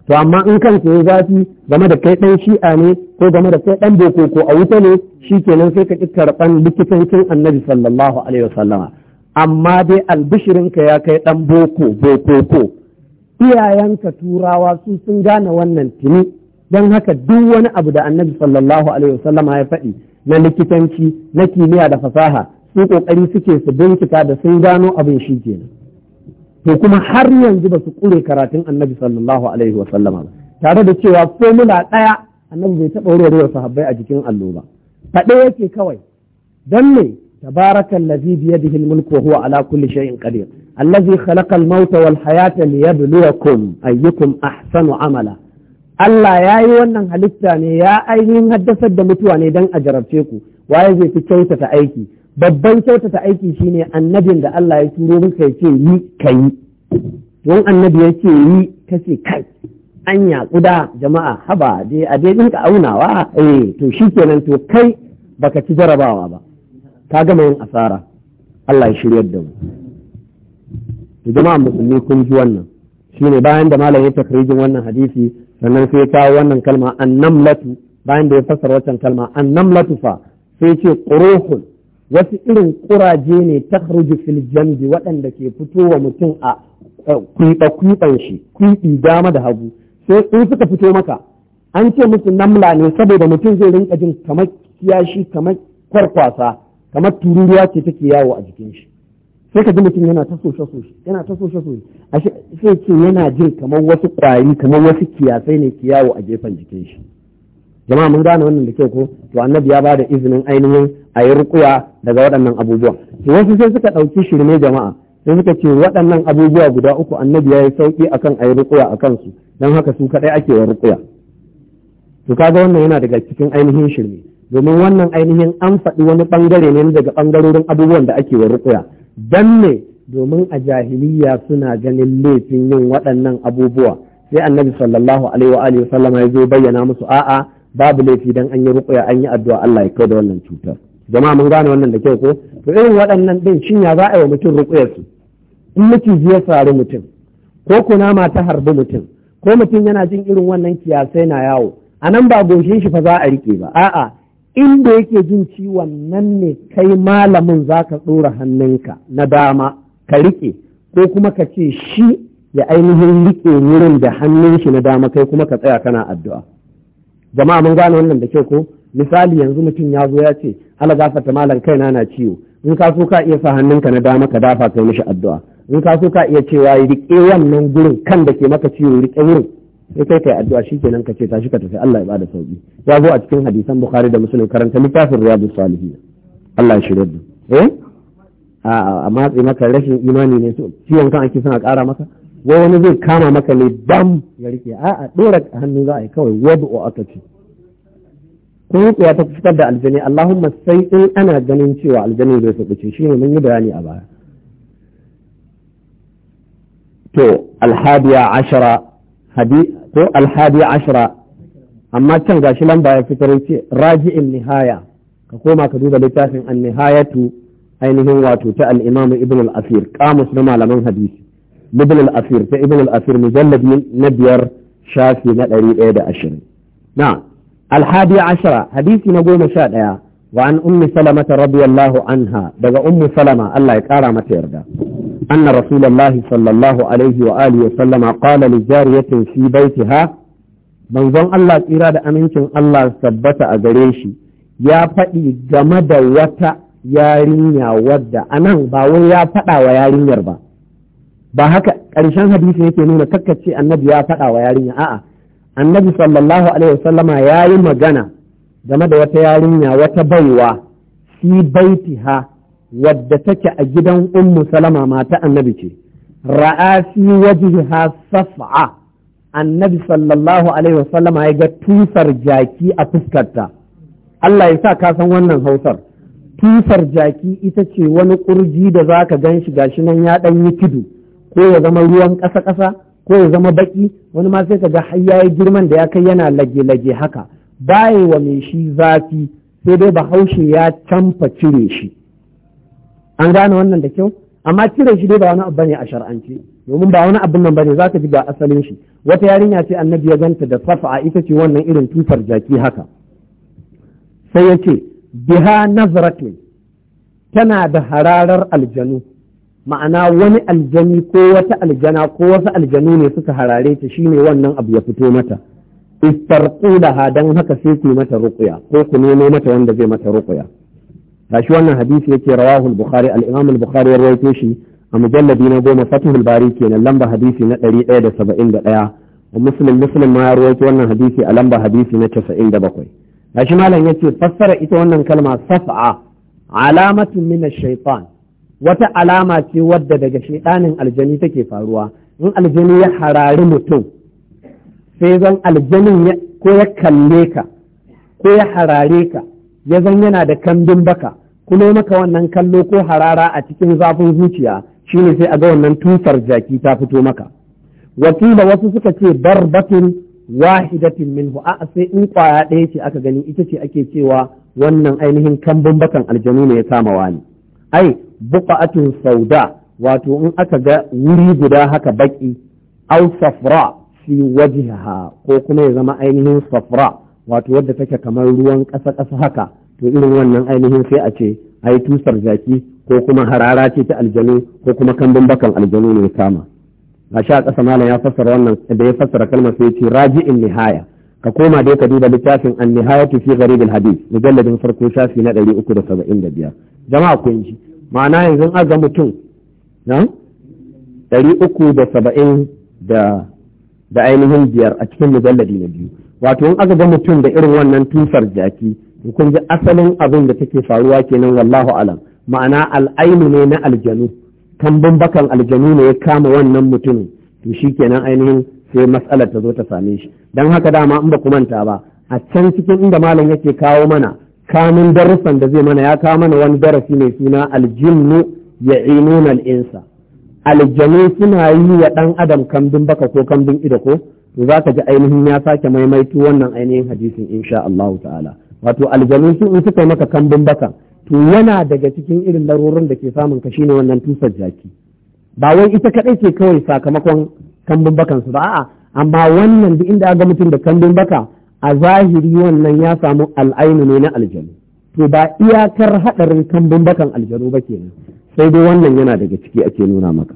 Speaker 1: to amma in kan ya zafi game da kai ɗan shi'a ne ko game da kai ɗan boko a wuta ne shi kenan sai ka ƙi karɓan likitancin annabi sallallahu alaihi wasallama amma dai albishirinka ya kai ɗan boko boko ko iyayenka turawa su sun gane wannan tuni don haka duk wani abu da annabi sallallahu alaihi ya faɗi na likitanci na kimiyya da fasaha su kokari suke su bincika da sun gano abin shi kenan to kuma har yanzu ba su kure karatun annabi sallallahu alaihi ba tare da cewa formula ɗaya annabi bai taɓa warwarewa sahabbai a jikin allo ba faɗe yake kawai don me tabarakan lazi biyadihi da wa huwa ala kulli shay'in qadir allazi khalaqa al-mauta wal hayata liyabluwakum ayyukum ahsanu amala Allah ya yi wannan halitta ne ya ainihin haddasar da mutuwa ne don a jarabce ku waye zai fi kyautata aiki babban kyautata aiki shine annabin da Allah ya turo muka ya ce yi ka yi wani annabi ya ce yi ka ce kai anya kuda jama'a haba dai a dai ɗinka aunawa eh to shi kenan to kai baka ci jarabawa ba ka gama yin asara Allah ya shiryar da mu jama'a musulmi kun ji wannan shine bayan da malam ya takrijin wannan hadisi sannan sai ya kawo wannan kalma an annamlatu bayan da ya fasara wancan kalma an annamlatu fa sai ce ƙorohun wasu irin ƙuraje ne ta harji filjandi waɗanda ke fitowa mutum a kwiɓa-kwiɓan shi kwiɓi dama da hagu sai in suka fito maka an ce musu namla ne saboda mutum zai rinka jin kamar kiyashi kamar kwarkwasa kamar tururuwa ce take yawo a jikin shi sai ka ji mutum yana ta soshe soshe yana ta soshe soshe ashe sai ce yana jin kamar wasu kwari kamar wasu kiyasai ne kiyawo a gefen jikin shi jama'a mun gane wannan da kyau ko to annabi ya bada izinin ainihin a yi rukuwa daga waɗannan abubuwa to wasu sai suka ɗauki shirme jama'a sai suka ce waɗannan abubuwa guda uku annabi ya yi sauƙi akan a yi rukuwa a kansu don haka su kaɗai ake wa rukuwa. to kaga wannan yana daga cikin ainihin shirme domin wannan ainihin an faɗi wani ɓangare ne daga ɓangarorin abubuwan da ake wa rukuya Don ne domin a jahiliya suna ganin laifin yin waɗannan abubuwa sai annabi sallallahu alaihi wa alihi sallama ya zo bayyana musu a'a babu laifi dan an yi rukuya an yi addu'a Allah ya kai da wannan cutar jama'a mun gane wannan da kyau ko to irin waɗannan din shin ya za a yi wa mutum ruƙuyar in miciji ya sari mutum ko kunama ta harbi mutum ko mutum yana jin irin wannan kiyasai na yawo a nan ba goshin shi fa za a rike ba a'a inda yake jin ciwon nan ne kai malamin za ka tsora hannunka na dama ka riƙe ko kuma ka ce shi ya ainihin riƙe wurin da hannun shi na dama kai kuma ka tsaya kana addu'a jama'a mun gane wannan da kyau ko misali yanzu mutum ya zo ya ce ala ta malam kai na na ciwo in ka so ka iya sa hannunka na dama ka dafa kai mishi addu'a in ka so ka iya cewa riƙe wannan gurin kan da ke maka ciwo riƙe wurin sai kai kai addu'a shikenan ka ce tashi ka tafi Allah ya bada sauki ya zo a cikin hadisan Bukhari da Muslim karanta littafin Riyadus Salihin Allah ya shirye da eh a a matsi maka rashin imani ne ciwon kan ake son a ƙara maka wai wani zai kama maka ne dam ya rike a a dora hannu za a yi kawai wad'u aka ce kun ya ta fitar da aljani Allahumma sai in ana ganin cewa aljani zai shi ne mun yi bayani a baya to alhadiya ashara ko alhadi ashira amma can gashi lamba ya fitar ce raji'in nihaya ka koma ka duba littafin an nihayatu ainihin wato ta al-imamu ibn al-asir kamus na malaman hadisi ibn al-asir ta ibn al-asir mujallad na biyar shafi na ɗari ɗaya da ashirin na alhadi ashira hadisi na goma sha ɗaya wa an ummi salamata radiyallahu anha daga ummu salama Allah ya ƙara mata yarda أن رسول الله صلى الله عليه وآله وسلم قال لجارية في بيتها من ظن الله إرادة أمينة الله ثبت أغريشي يا فدي جمد وتا yarinya wadda a ba wai ya faɗa wa ba ba haka ƙarshen hadisi yake nuna kakkace annabi ya faɗa yarinya a'a annabi sallallahu alaihi wasallama ya yi magana game da wata yarinya wata baiwa fi baitiha wadda take a gidan ummu salama mata annabi ce ra'asi fi wajhiha saf'a annabi sallallahu alaihi wasallama ya ga tusar jaki a fuskarta Allah ya sa ka san wannan hausar tusar jaki ita ce wani kurji da za ka gan shi gashi nan ya ɗan yi tudu ko ya zama ruwan ƙasa-ƙasa ko ya zama baƙi wani ma sai ka ga har yayi girman da ya kai yana lage-lage haka baye wa mai shi zafi sai dai bahaushe ya canfa cire shi an gane wannan da kyau amma cire shi dai ba wani abu bane a shar'ance domin ba wani abu nan bane za ka ji ga asalin shi wata yarinya ce annabi ya ganta da safa ita ce wannan irin tufar jaki haka sai ya ce biha nazratin tana da hararar aljanu ma'ana wani aljani ko wata aljana ko wasu aljanu ne suka harare ta shine wannan abu ya fito mata istarqulaha dan haka sai ku mata ruqya ko ku nemo mata wanda zai mata ruqya gashi wannan hadisi yake rawahul bukhari al-imam al-bukhari ya rawaito shi a mujalladi na goma fatihul bari kenan lamba hadisi na 171 wa muslim muslim ma ya rawaito wannan hadisi a lamba hadisi na 97 gashi malam yace fassara ita wannan kalma saf'a alamatun min ash-shaytan wata alama ce wadda daga shaytanin aljani take faruwa in aljani ya harari mutum sai zan aljanin ko ya kalle ka ko ya harare ka ya zan yana da kambin baka kulo maka wannan kallo ko harara a cikin zafin zuciya shine sai a ga wannan tusar jaki ta fito maka wakila wasu suka ce bar barbatin wahidatin minhu a sai in kwaya ɗaya ce aka gani ita ce ake cewa wannan ainihin kambin bakan aljanu ne ya kama wani ai buƙatun sauda wato in aka ga wuri guda haka baƙi au safra fi wajhiha ko kuma ya zama ainihin safra wato wadda take kamar ruwan ƙasa-ƙasa haka to irin wannan ainihin sai a ce ai tusar zaki ko kuma harara ce ta aljanu ko kuma kambun bakan aljanu ne kama a sha ƙasa malam ya fassara wannan da ya fassara kalmar sai ce raji'in nihaya ka koma dai ka duba littafin an nihayatu fi gharib hadith mujalladin farko shafi na ɗari uku da da biyar jama'a kun ji ma'ana yanzu an ga mutum na ɗari uku da saba'in da ainihin biyar a cikin mujalladi na biyu wato in aka ga mutum da irin wannan tusar jaki to kun ji asalin abin da take faruwa kenan wallahu alam ma'ana al'ainu ne na aljanu Kambin bakan aljanu ne ya kama wannan mutumin to shi kenan ainihin sai matsalar ta zo ta same shi dan haka dama in ba ku manta ba a can cikin inda malam yake kawo mana kamun darussan da zai mana ya kawo mana wani darasi mai suna aljinnu ya inuna al'insa aljanu suna yi wa ɗan adam kambin baka ko kambin ido ko to za ka ji ainihin ya sake maimaitu wannan ainihin hadisin insha Allah ta'ala wato aljanu su in suka maka kambin baka to yana daga cikin irin larurin da ke samun ka shine wannan tusar jaki ba wai ita kadai ce kawai sakamakon kambin bakan su ba a'a amma wannan duk inda ga mutum da kambin baka a zahiri wannan ya samu al'ainu ne na aljanu to ba iyakar hadarin kambin bakan aljanu ba kenan sai dai wannan yana daga ciki ake nuna maka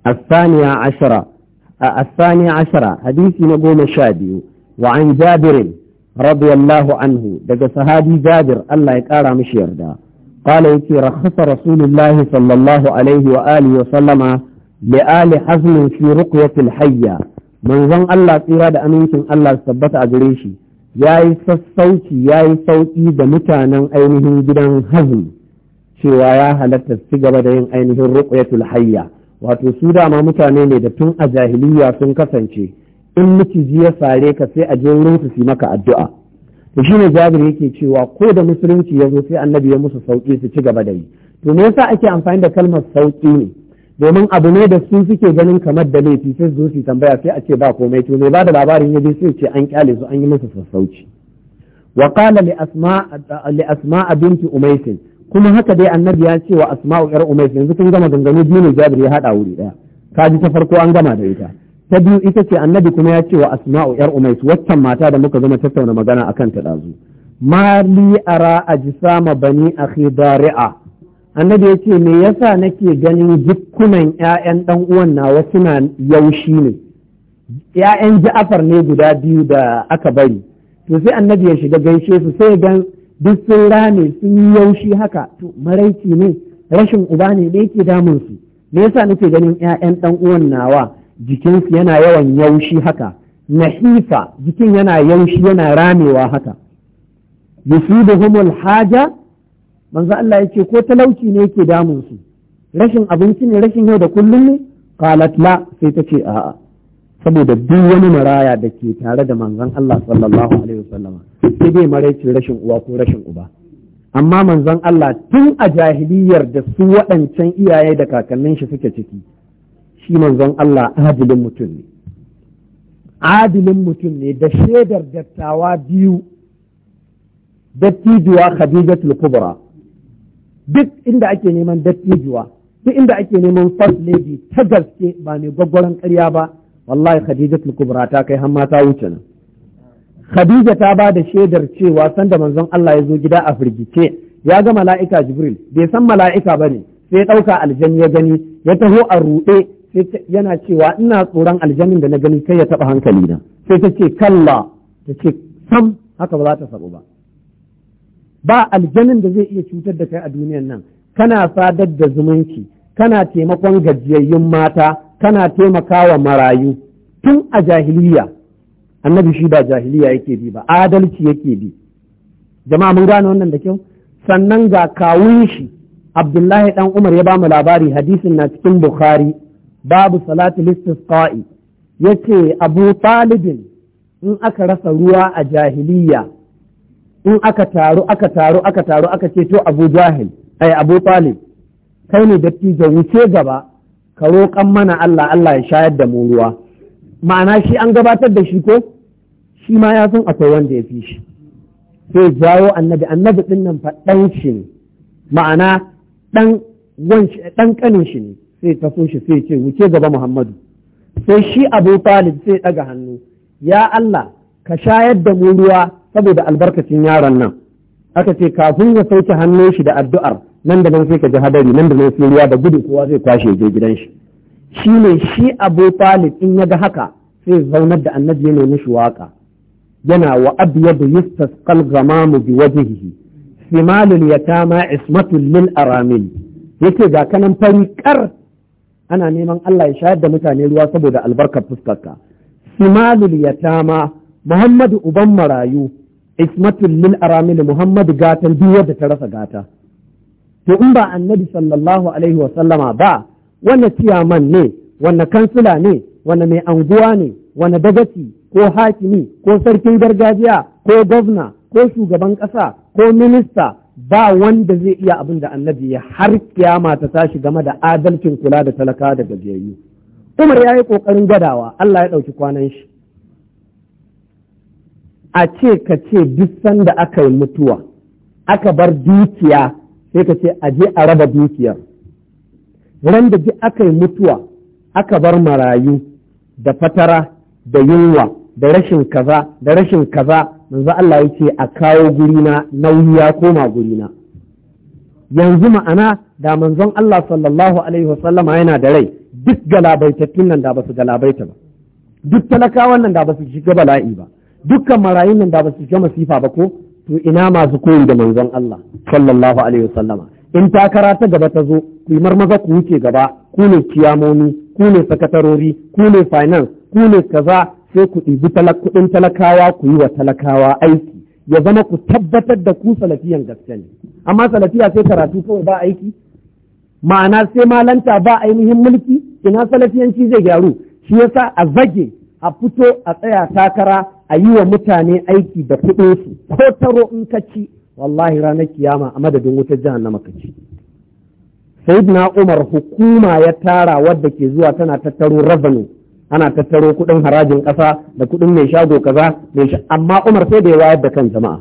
Speaker 1: الثانية عشرة الثاني عشر حديث نقوم الشادي وعن جابر رضي الله عنه دقى صحابي جابر الله يكارى مش يرضى قال يكي رخص رسول الله صلى الله عليه وآله وسلم لآل حزم في رقية الحية من ظن الله تيراد أمينكم الله ثبت أجريشي ya yi sassauci ya yi sauƙi da mutanen ainihin gidan hazm cewa ya halatta su gaba da yin ainihin ruqyatul hayya wato su dama mutane ne da tun a jahiliya sun kasance in miciji ya sare ka sai a je wurin su yi maka addu'a to shine jabir yake cewa ko da musulunci ya zo sai annabi ya musu sauki su ci gaba da yi to me yasa ake amfani da kalmar sauki ne domin abu ne da su suke ganin kamar da laifi sai su su tambaya sai a ce ba komai to me ba da labarin ya je sai ce an kyale su an yi musu sassauci wa qala li asma li kuma haka dai annabi ya ce wa asma'u yar umayr yanzu kun gama dangane biyu ne jabir ya hada wuri daya ka ji ta farko an gama da ita ta biyu ita ce annabi kuma ya ce wa asma'u yar umayr waccan mata da muka zama tattauna magana akan ta dazu Mali'ara ara ajsama bani akhi dari'a annabi ya ce me yasa nake ganin jikkunan ƴaƴan dan uwan nawa suna yaushi ne ƴaƴan ja'far ne guda biyu da aka bari to sai annabi ya shiga gaishe su sai gan duk sun rame sun yi yaushi haka to maraici ne rashin uba ne da yake damun su me yasa nake ganin ƴaƴan dan uwan nawa jikinsu yana yawan yaushi haka nahifa jikin yana yaushi yana ramewa haka yusibuhumul haja manzo Allah yace ko talauci ne yake damun su rashin abinci ne rashin yau da kullum ne qalat la sai ta ce a'a saboda duk wani maraya da ke tare da manzon Allah sallallahu alaihi wasallam sai dai maraicin rashin uwa ko rashin uba amma manzon Allah tun a jahiliyar da su waɗancan iyaye da kakannin shi suke ciki shi manzon Allah adilin mutum ne adilin mutum ne da shaidar dattawa biyu dattijuwa Khadijatul Kubra duk inda ake neman dattijuwa duk inda ake neman first lady ta gaske ba ne gwaggwaron karya ba wallahi khadijatul kubra ta kai har mata ta wuce nan khadija ta ba da shaidar cewa sanda manzon Allah ya zo gida a firgice ya ga mala'ika jibril bai san mala'ika bane sai ɗauka aljan ya gani ya taho a ruɗe yana cewa ina tsoron aljanin da na gani kai ya taɓa hankali na sai ta ce kalla ta ce sam haka ba za ta sabu ba ba aljanin da zai iya cutar da kai a duniyan nan kana sadar da zumunci kana taimakon gajiyayyun mata kana taimakawa marayu tun a jahiliya annabi shi ba jahiliya yake bi ba adalci yake bi jama'a mun gane wannan da kyau sannan ga kawun shi abdullahi ɗan umar ya bamu labari hadisin na cikin bukhari babu salatu Ya yace abu talibin in aka rasa ruwa a jahiliya in aka taru aka taru aka taru aka ce to abu jahil ai abu talib kai ne dattijo wuce gaba ka roƙan mana Allah Allah ya shayar da mu ruwa ma'ana shi an gabatar da shi ko shi ma ya san akwai wanda ya fi shi sai jawo annabi annabi ɗin nan fa ɗan shi ne ma'ana ɗan ɗan ƙanin shi ne sai so shi sai ce wuce gaba Muhammadu sai shi Abu Talib sai ɗaga hannu ya Allah ka shayar da mu ruwa saboda albarkacin yaron nan aka ce kafin ya sauke hannun shi da addu'ar nan da nan sai ka ji hadari nan da nan sai ruwa da gudu kowa zai kwashe je gidan shi shi ne shi Abu Talib in ya ga haka sai zaunar da annabi ya nemi shi waka yana wa abyadu yastasqal ghamamu bi wajhihi simalul yatama ismatul lil aramil yace ga kanan fari kar ana neman Allah ya shayar da mutane ruwa saboda albarkar fuskarka simalul yatama Muhammadu uban marayu ismatul lil aramil muhammad gatan duk wadda ta rasa gata to in ba annabi sallallahu alaihi wa sallama ba wanne ciyaman ne wanne kansila ne wanne mai anguwa ne wanne dagaci ko hakimi ko sarkin gargajiya ko gwamna ko shugaban ƙasa ko minista ba wanda zai iya abin da annabi ya har kiyama ta tashi game da adalcin kula da talaka da gajiyayyu umar ya yi ƙoƙarin gwadawa allah ya ɗauki kwanan shi a ce ka ce duk sanda aka yi mutuwa aka bar dukiya sai ka ce a je a raba dukiyar ran da duk aka yi mutuwa aka bar marayu da fatara da yunwa da rashin kaza da rashin kaza manzo Allah ya ce a kawo gurina nauyi ya koma gurina yanzu ma'ana da manzon Allah sallallahu alaihi wasallama yana da rai duk galabaitattun nan da basu galabaita ba duk talakawan nan da basu shiga bala'i ba dukkan marayun nan da ba su ga masifa ba ko to ina masu koyi da manzon Allah sallallahu alaihi wasallama in takara ta gaba ta zo ku yi marmaza ku wuce gaba ku ne kiyamomi ku ne sakatarori ku ne finance ku ne kaza sai ku ɗibi kuɗin talakawa ku yi wa talakawa aiki ya zama ku tabbatar da ku salafiyan gaske ne amma salafiya sai karatu kawai ba aiki ma'ana sai malanta ba ainihin mulki ina salafiyanci zai gyaru shi yasa a zage a fito a tsaya takara a yi wa mutane aiki da kuɗinsu ko taro in ka ci wallahi ranar kiyama a madadin wutar na makaci ci na umar hukuma ya tara wadda ke zuwa tana tattaro revenue ana tattaro kuɗin harajin ƙasa da kuɗin mai shago kaza mai amma umar sai da ya wayar da kan jama'a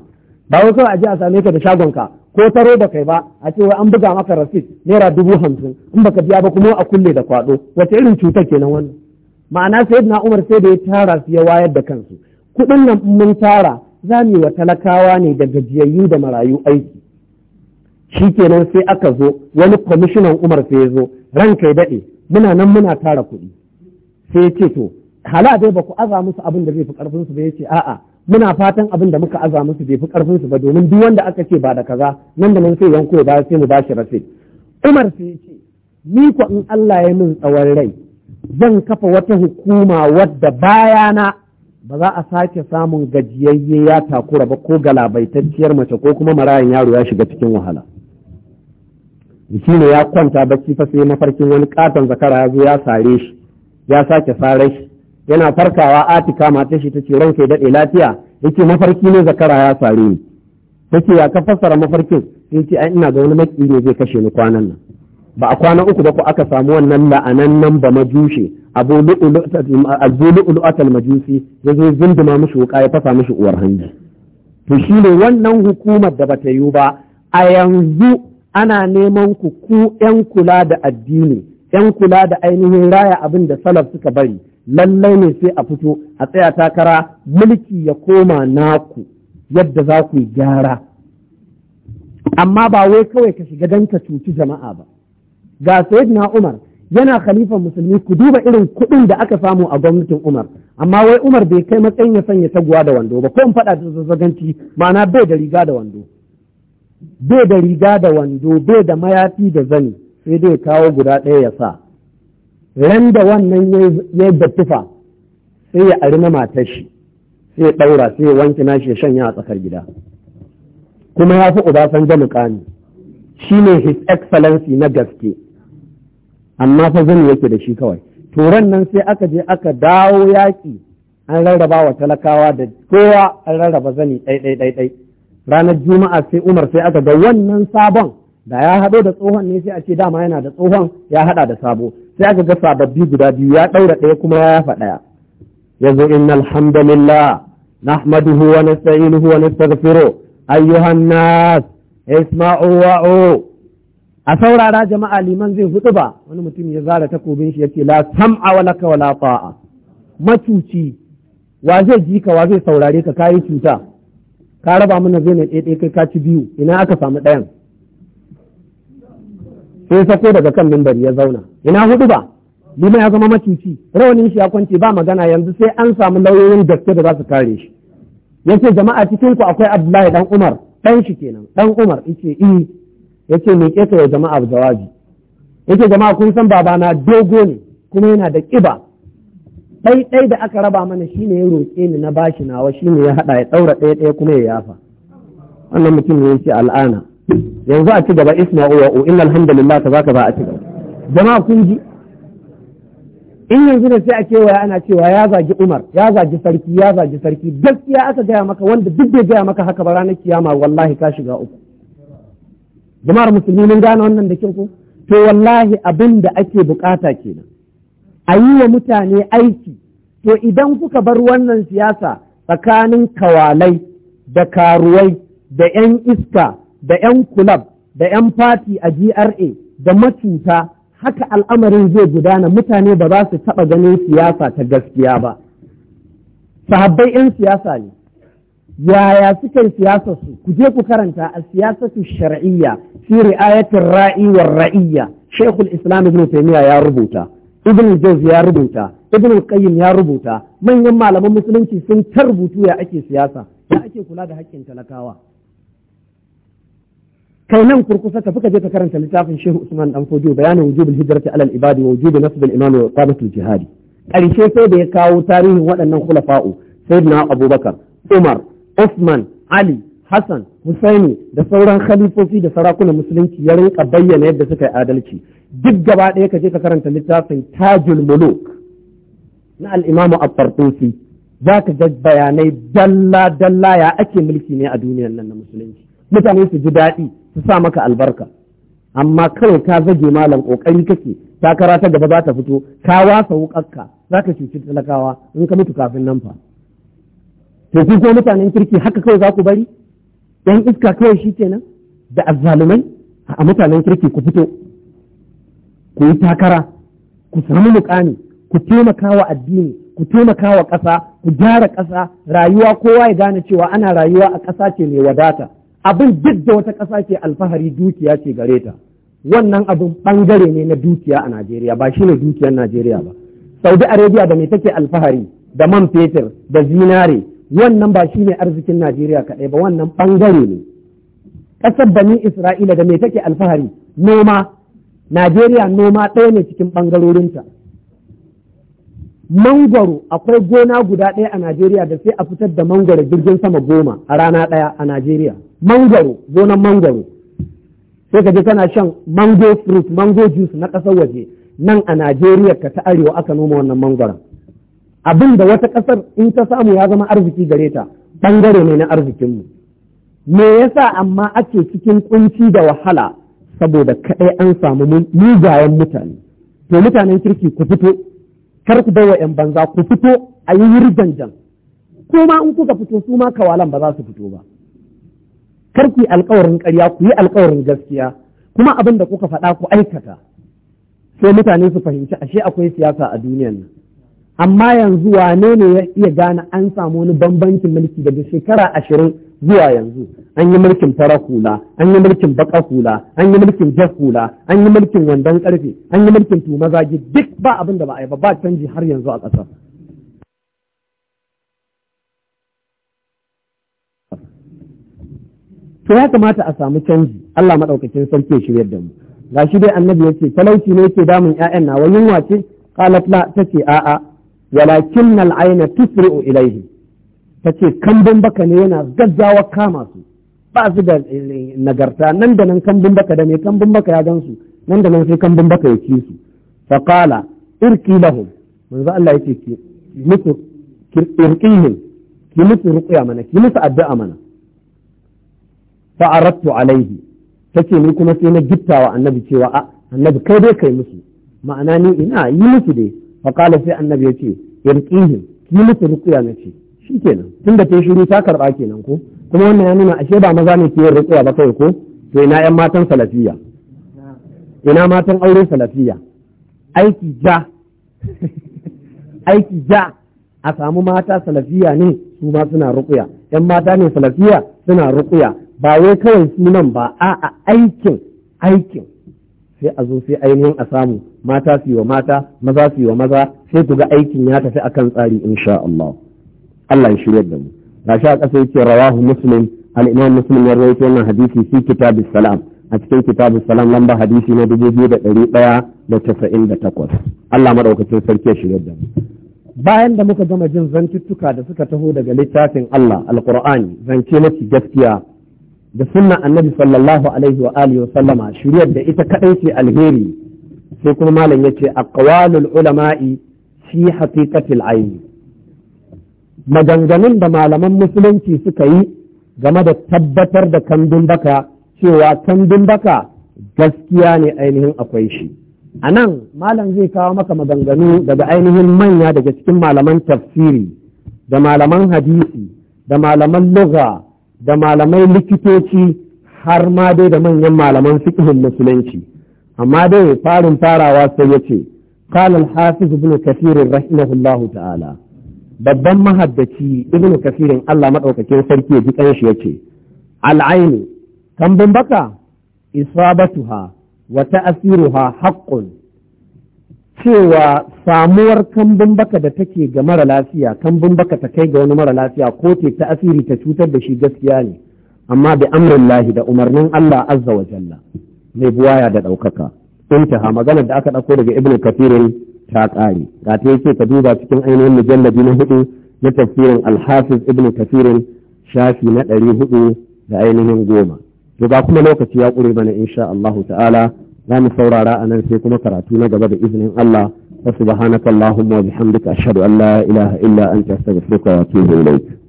Speaker 1: ba wai kawai a je a same ka da shagon ka, ko taro da kai ba a ce wai an buga maka rasit naira dubu hamsin in baka biya ba kuma a kulle da kwaɗo wace irin cutar kenan wannan ma'ana na umar sai da ya tara su ya wayar da kansu kuɗin nan mun tara za mu yi wa talakawa ne da gajiyayyu da marayu aiki shi kenan sai aka zo wani kwamishinan umar sai ya zo ran kai daɗe muna nan muna tara kuɗi sai ya ce to hala dai ba ku aza musu abin da zai fi ƙarfin su ba ya ce a'a muna fatan abin da muka aza musu bai fi ƙarfin su ba domin duk wanda aka ce ba da kaza nan da nan sai yanko ya ba sai mu bashi rasid umar sai ya ce ni ko in Allah ya min tsawon rai zan kafa wata hukuma wadda bayana ba za a sake samun gajiyayye ya takura ba ko galabaitacciyar mace ko kuma marayan yaro ya shiga cikin wahala shi ne ya kwanta bacci fa sai mafarkin wani katon zakara ya zo ya sare shi ya sake sare shi yana farkawa atika mata shi ta ce ran ke daɗe lafiya yake mafarki ne zakara ya sare ni tace ya ka fassara mafarkin sai ce ai ina ga wani maki ne zai kashe ni kwanan nan ba a kwana uku ba ko aka samu wannan la'anannen ba majushe abu lu'ulu atal majusi ya zo zinduma mishi wuka ya fasa mashi uwar hanji to shi ne wannan hukumar da bata yi ba a yanzu ana neman ku ku yan kula da addini yan kula da ainihin raya abin da salaf suka bari lallai ne sai a fito a tsaya takara mulki ya koma naku yadda za ku yi gyara amma ba wai kawai ka shiga don ka cuci jama'a ba ga sayyidina Umar yana khalifan musulmi ku duba irin kuɗin da aka samu a gwamnatin Umar amma wai Umar bai kai matsayin ya sanya taguwa da wando ba ko in faɗa da zazzaganci ma'ana bai da riga da wando bai da riga da wando bai da mayafi da zani sai dai kawo guda ɗaya ya sa ran da wannan ya tufa, sai ya ari na matar shi sai ya ɗaura sai ya wanke nashi ya shanya a tsakar gida kuma ya fi uba ubasan muƙami shi ne his excellency na gaske amma fa zani yake da shi kawai turan nan sai aka je aka dawo yaƙi an rarraba wa talakawa da kowa an rarraba zani ɗai ranar juma'a sai umar sai aka ga wannan sabon da ya haɗo da tsohon ne sai a ce dama yana da tsohon ya haɗa da sabo sai aka ga sababbi guda biyu ya ɗaura ɗaya kuma ya yafa ɗaya ya zo inna alhamdulillah nahmaduhu wa nasta'inuhu wa nastaghfiruh ayyuhan nas isma'u wa'u a saurara jama'a liman zai hudu ba wani mutum ya zara takobin shi yake la sam'a wala ka wala ta'a matuci wa zai ji ka wa zai saurare ka kayi cuta ka raba mana zai na ɗaiɗai kai ka ci biyu ina aka samu ɗayan sai sako daga kan mimbari ya zauna ina hudu ba liman ya zama matuci rawanin shi ya kwance ba magana yanzu sai an samu lauyoyin gaske da za su kare shi yace jama'a cikin ku akwai Abdullahi dan Umar dan shi kenan dan Umar yace eh yace me kesa ya zama jama'a jawabi yace jama'a kun san babana dogo ne kuma yana da ƙiba. ɗai ɗai da aka raba mana shine ya roƙe ni na bashi nawa shine ya haɗa ya ɗaura ɗaya ɗaya kuma ya yafa wannan mutum ne yace al'ana yanzu a ci gaba isma'u wa inna alhamdulillah kaza ba a ci gaba jama'a kun ji in yanzu da sai a kewaya ana cewa ya zagi Umar ya zagi sarki ya zagi sarki gaskiya aka gaya maka wanda duk bai gaya maka haka ba ranar kiyama wallahi ka shiga uku jama'ar musulmi mun gane wannan da kyau to wallahi abin da ake bukata kenan a yi wa mutane aiki to idan kuka bar wannan siyasa tsakanin kawalai da karuwai da 'yan iska da 'yan kulab da 'yan fati a gra da macuta haka al'amarin zai gudana mutane ba za su taɓa ganin siyasa ta gaskiya ba sahabbai 'yan siyasa ne yaya sukan yi siyasar su ku je ku karanta a siyasatu shar'iyya fi ri'ayatin ra'i war ra'iyya shaykhul islam ibn taymiya ya rubuta ibn jawzi ya rubuta ibn qayyim ya rubuta manyan malaman musulunci sun tarbutu ya ake siyasa ya ake kula da haƙƙin talakawa kai nan kurkusa ka ka je ka karanta littafin shehu usman dan fodiyo bayanin wujubul hijrati alal ibadi wa wujubi nasb al imam wa jihadi ƙarshe sai da ya kawo tarihin waɗannan khulafa'u sayyidina abubakar umar Usman, Ali, Hassan, Husaini da sauran khalifofi da sarakunan musulunci ya rinka bayyana yadda suka yi adalci. Duk gaba ɗaya ka je ka karanta littafin Tajul Muluk na al'imamu a fartosi za ka ga bayanai dalla dalla ya ake mulki ne a duniyar nan na musulunci. Mutane su ji daɗi su sa maka albarka. Amma kawai ka zage malam ƙoƙari kake takara ta gaba za ta fito ka wasa ka, za ka cuci talakawa in ka mutu kafin nan fa. to ku ko mutanen kirki haka kawai za ku bari yan iska kawai shi kenan da azzalumai a mutanen kirki ku fito ku yi takara ku samu mukami ku taimaka wa addini ku taimaka wa ƙasa ku gyara ƙasa rayuwa kowa ya gane cewa ana rayuwa a ƙasa ce mai wadata abin duk da wata ƙasa ce alfahari dukiya ce gare ta wannan abin bangare ne na dukiya a Najeriya ba shi ne dukiyar Najeriya ba Saudi Arabia da me take alfahari da man fetur da zinare wannan ba shi ne arzikin Najeriya kaɗai ba wannan ɓangare ne ƙasar bani Isra'ila da me take alfahari noma Najeriya noma ɗaya ne cikin ɓangarorinta mangwaro akwai gona guda ɗaya a Najeriya da sai a fitar da mangwaro jirgin sama goma a rana ɗaya a Najeriya mangwaro gonan mangwaro sai ka je kana shan mango fruit mango juice na ƙasar waje nan a Najeriya ka ta arewa aka noma wannan mangwaron abin da wata ƙasar in ta samu ya zama arziki gare ta ɓangare ne na arzikinmu me yasa amma ake cikin ƙunci da wahala saboda kaɗai an samu mugayen mutane to mutanen kirki ku fito kar ku baiwa 'yan banza ku fito a yi jan, kuma in kuka fito su ma kawalan ba za su fito ba kar ku yi alkawarin ƙarya ku yi alkawarin gaskiya kuma abin da kuka faɗa ku aikata sai mutane su fahimci ashe akwai siyasa a duniyan nan amma yanzu wane ne ya iya gane an samu wani bambancin mulki daga shekara ashirin zuwa yanzu an yi mulkin fara hula an yi mulkin baka hula an yi mulkin jas hula an yi mulkin wandon karfe an yi mulkin tuma zagi duk ba abin da ba a yi ba ba canji har yanzu a ƙasar to ya kamata a samu canji Allah maɗaukacin sarki ya shirya da mu gashi dai annabi ya ce talauci ne ke damun ƴaƴan nawa yunwa ce qalat la tace a'a walakin al'aina tusri'u ilaihi ce kambun baka ne yana gaggawa kama su ba su da eh, eh, nagarta nan da nan kambun baka da mai kambun baka ya gansu nan da nan sai kambun baka ya ci su fa qala irki lahum manzo Allah yake ki musu irqihim ki musu ruqya mana ki musu addu'a mana fa aradtu alaihi tace ni kuma sai na gittawa annabi cewa a annabi kai dai kai musu ma'ana ni ina yi musu dai faƙala sai annabi ya ce irƙihim ki musu rukuya na ce shi kenan tun da ta shiru ta karɓa kenan ko kuma wannan ya nuna ashe ba maza ne ke yin rukuya ba kai ko to ina yan matan salafiya ina matan aure salafiya aiki ja aiki ja a samu mata salafiya ne su ma suna rukuya yan mata ne salafiya suna rukuya ba wai kawai sunan ba a'a aikin aikin sai a zo sai ainihin a samu mata su wa mata maza su wa maza sai ku ga aikin ya tafi akan tsari insha Allah Allah ya shirya da mu gashi a ƙasa yake rawahu muslim al-imam muslim ya rawaito wannan hadisi fi kitabis salam a cikin kitabus salam lamba hadisi na dubu biyu da ɗari ɗaya da casa'in da takwas Allah maɗaukacin sarki ya shigar da bayan da muka gama jin zantuttuka da suka taho daga littafin Allah alqur'ani zance mafi gaskiya da sunna annabi sallallahu alaihi wa alihi wa sallama shuriyar da ita kadai ce alheri sai kuma malam yace aqwalul ulama'i fi haqiqatil aini maganganun da malaman musulunci suka yi game da tabbatar da kandun baka cewa kandun baka gaskiya ne ainihin akwai shi a nan malam zai kawo maka maganganu daga ainihin manya daga cikin malaman tafsiri da malaman hadisi da malaman lugha da malamai likitoci har ma dai da manyan malaman fiqhin musulunci amma dai farin farawa sai ya ce قال الحافظ ابن كثير رحمه الله تعالى babban mahaddaci ibnu kafirin Allah madaukakin sarki ya ji kanshi yace al'aini tambun baka isabatuha wa ha haqqun cewa samuwar kambun baka da take ga mara lafiya kambun baka ta kai ga wani mara lafiya ko ce ta asiri ta cutar da shi gaskiya ne amma da amrin lahi da umarnin Allah azza wa jalla zai buwaya da ɗaukaka intaha maganar da aka ɗauko daga ibnu kafirin ta ƙare ga ta yake ka duba cikin ainihin mujallabi na hudu na tafsirin alhafiz ibnu kafirin shafi na ɗari huɗu da ainihin goma to ba kuma lokaci ya ƙure mana insha Allah ta'ala za mu saurara a nan sai kuma karatu na gaba da izinin Allah wa subhanakallahumma wa bihamdika ashhadu an la ilaha illa anta astaghfiruka wa atubu ilayk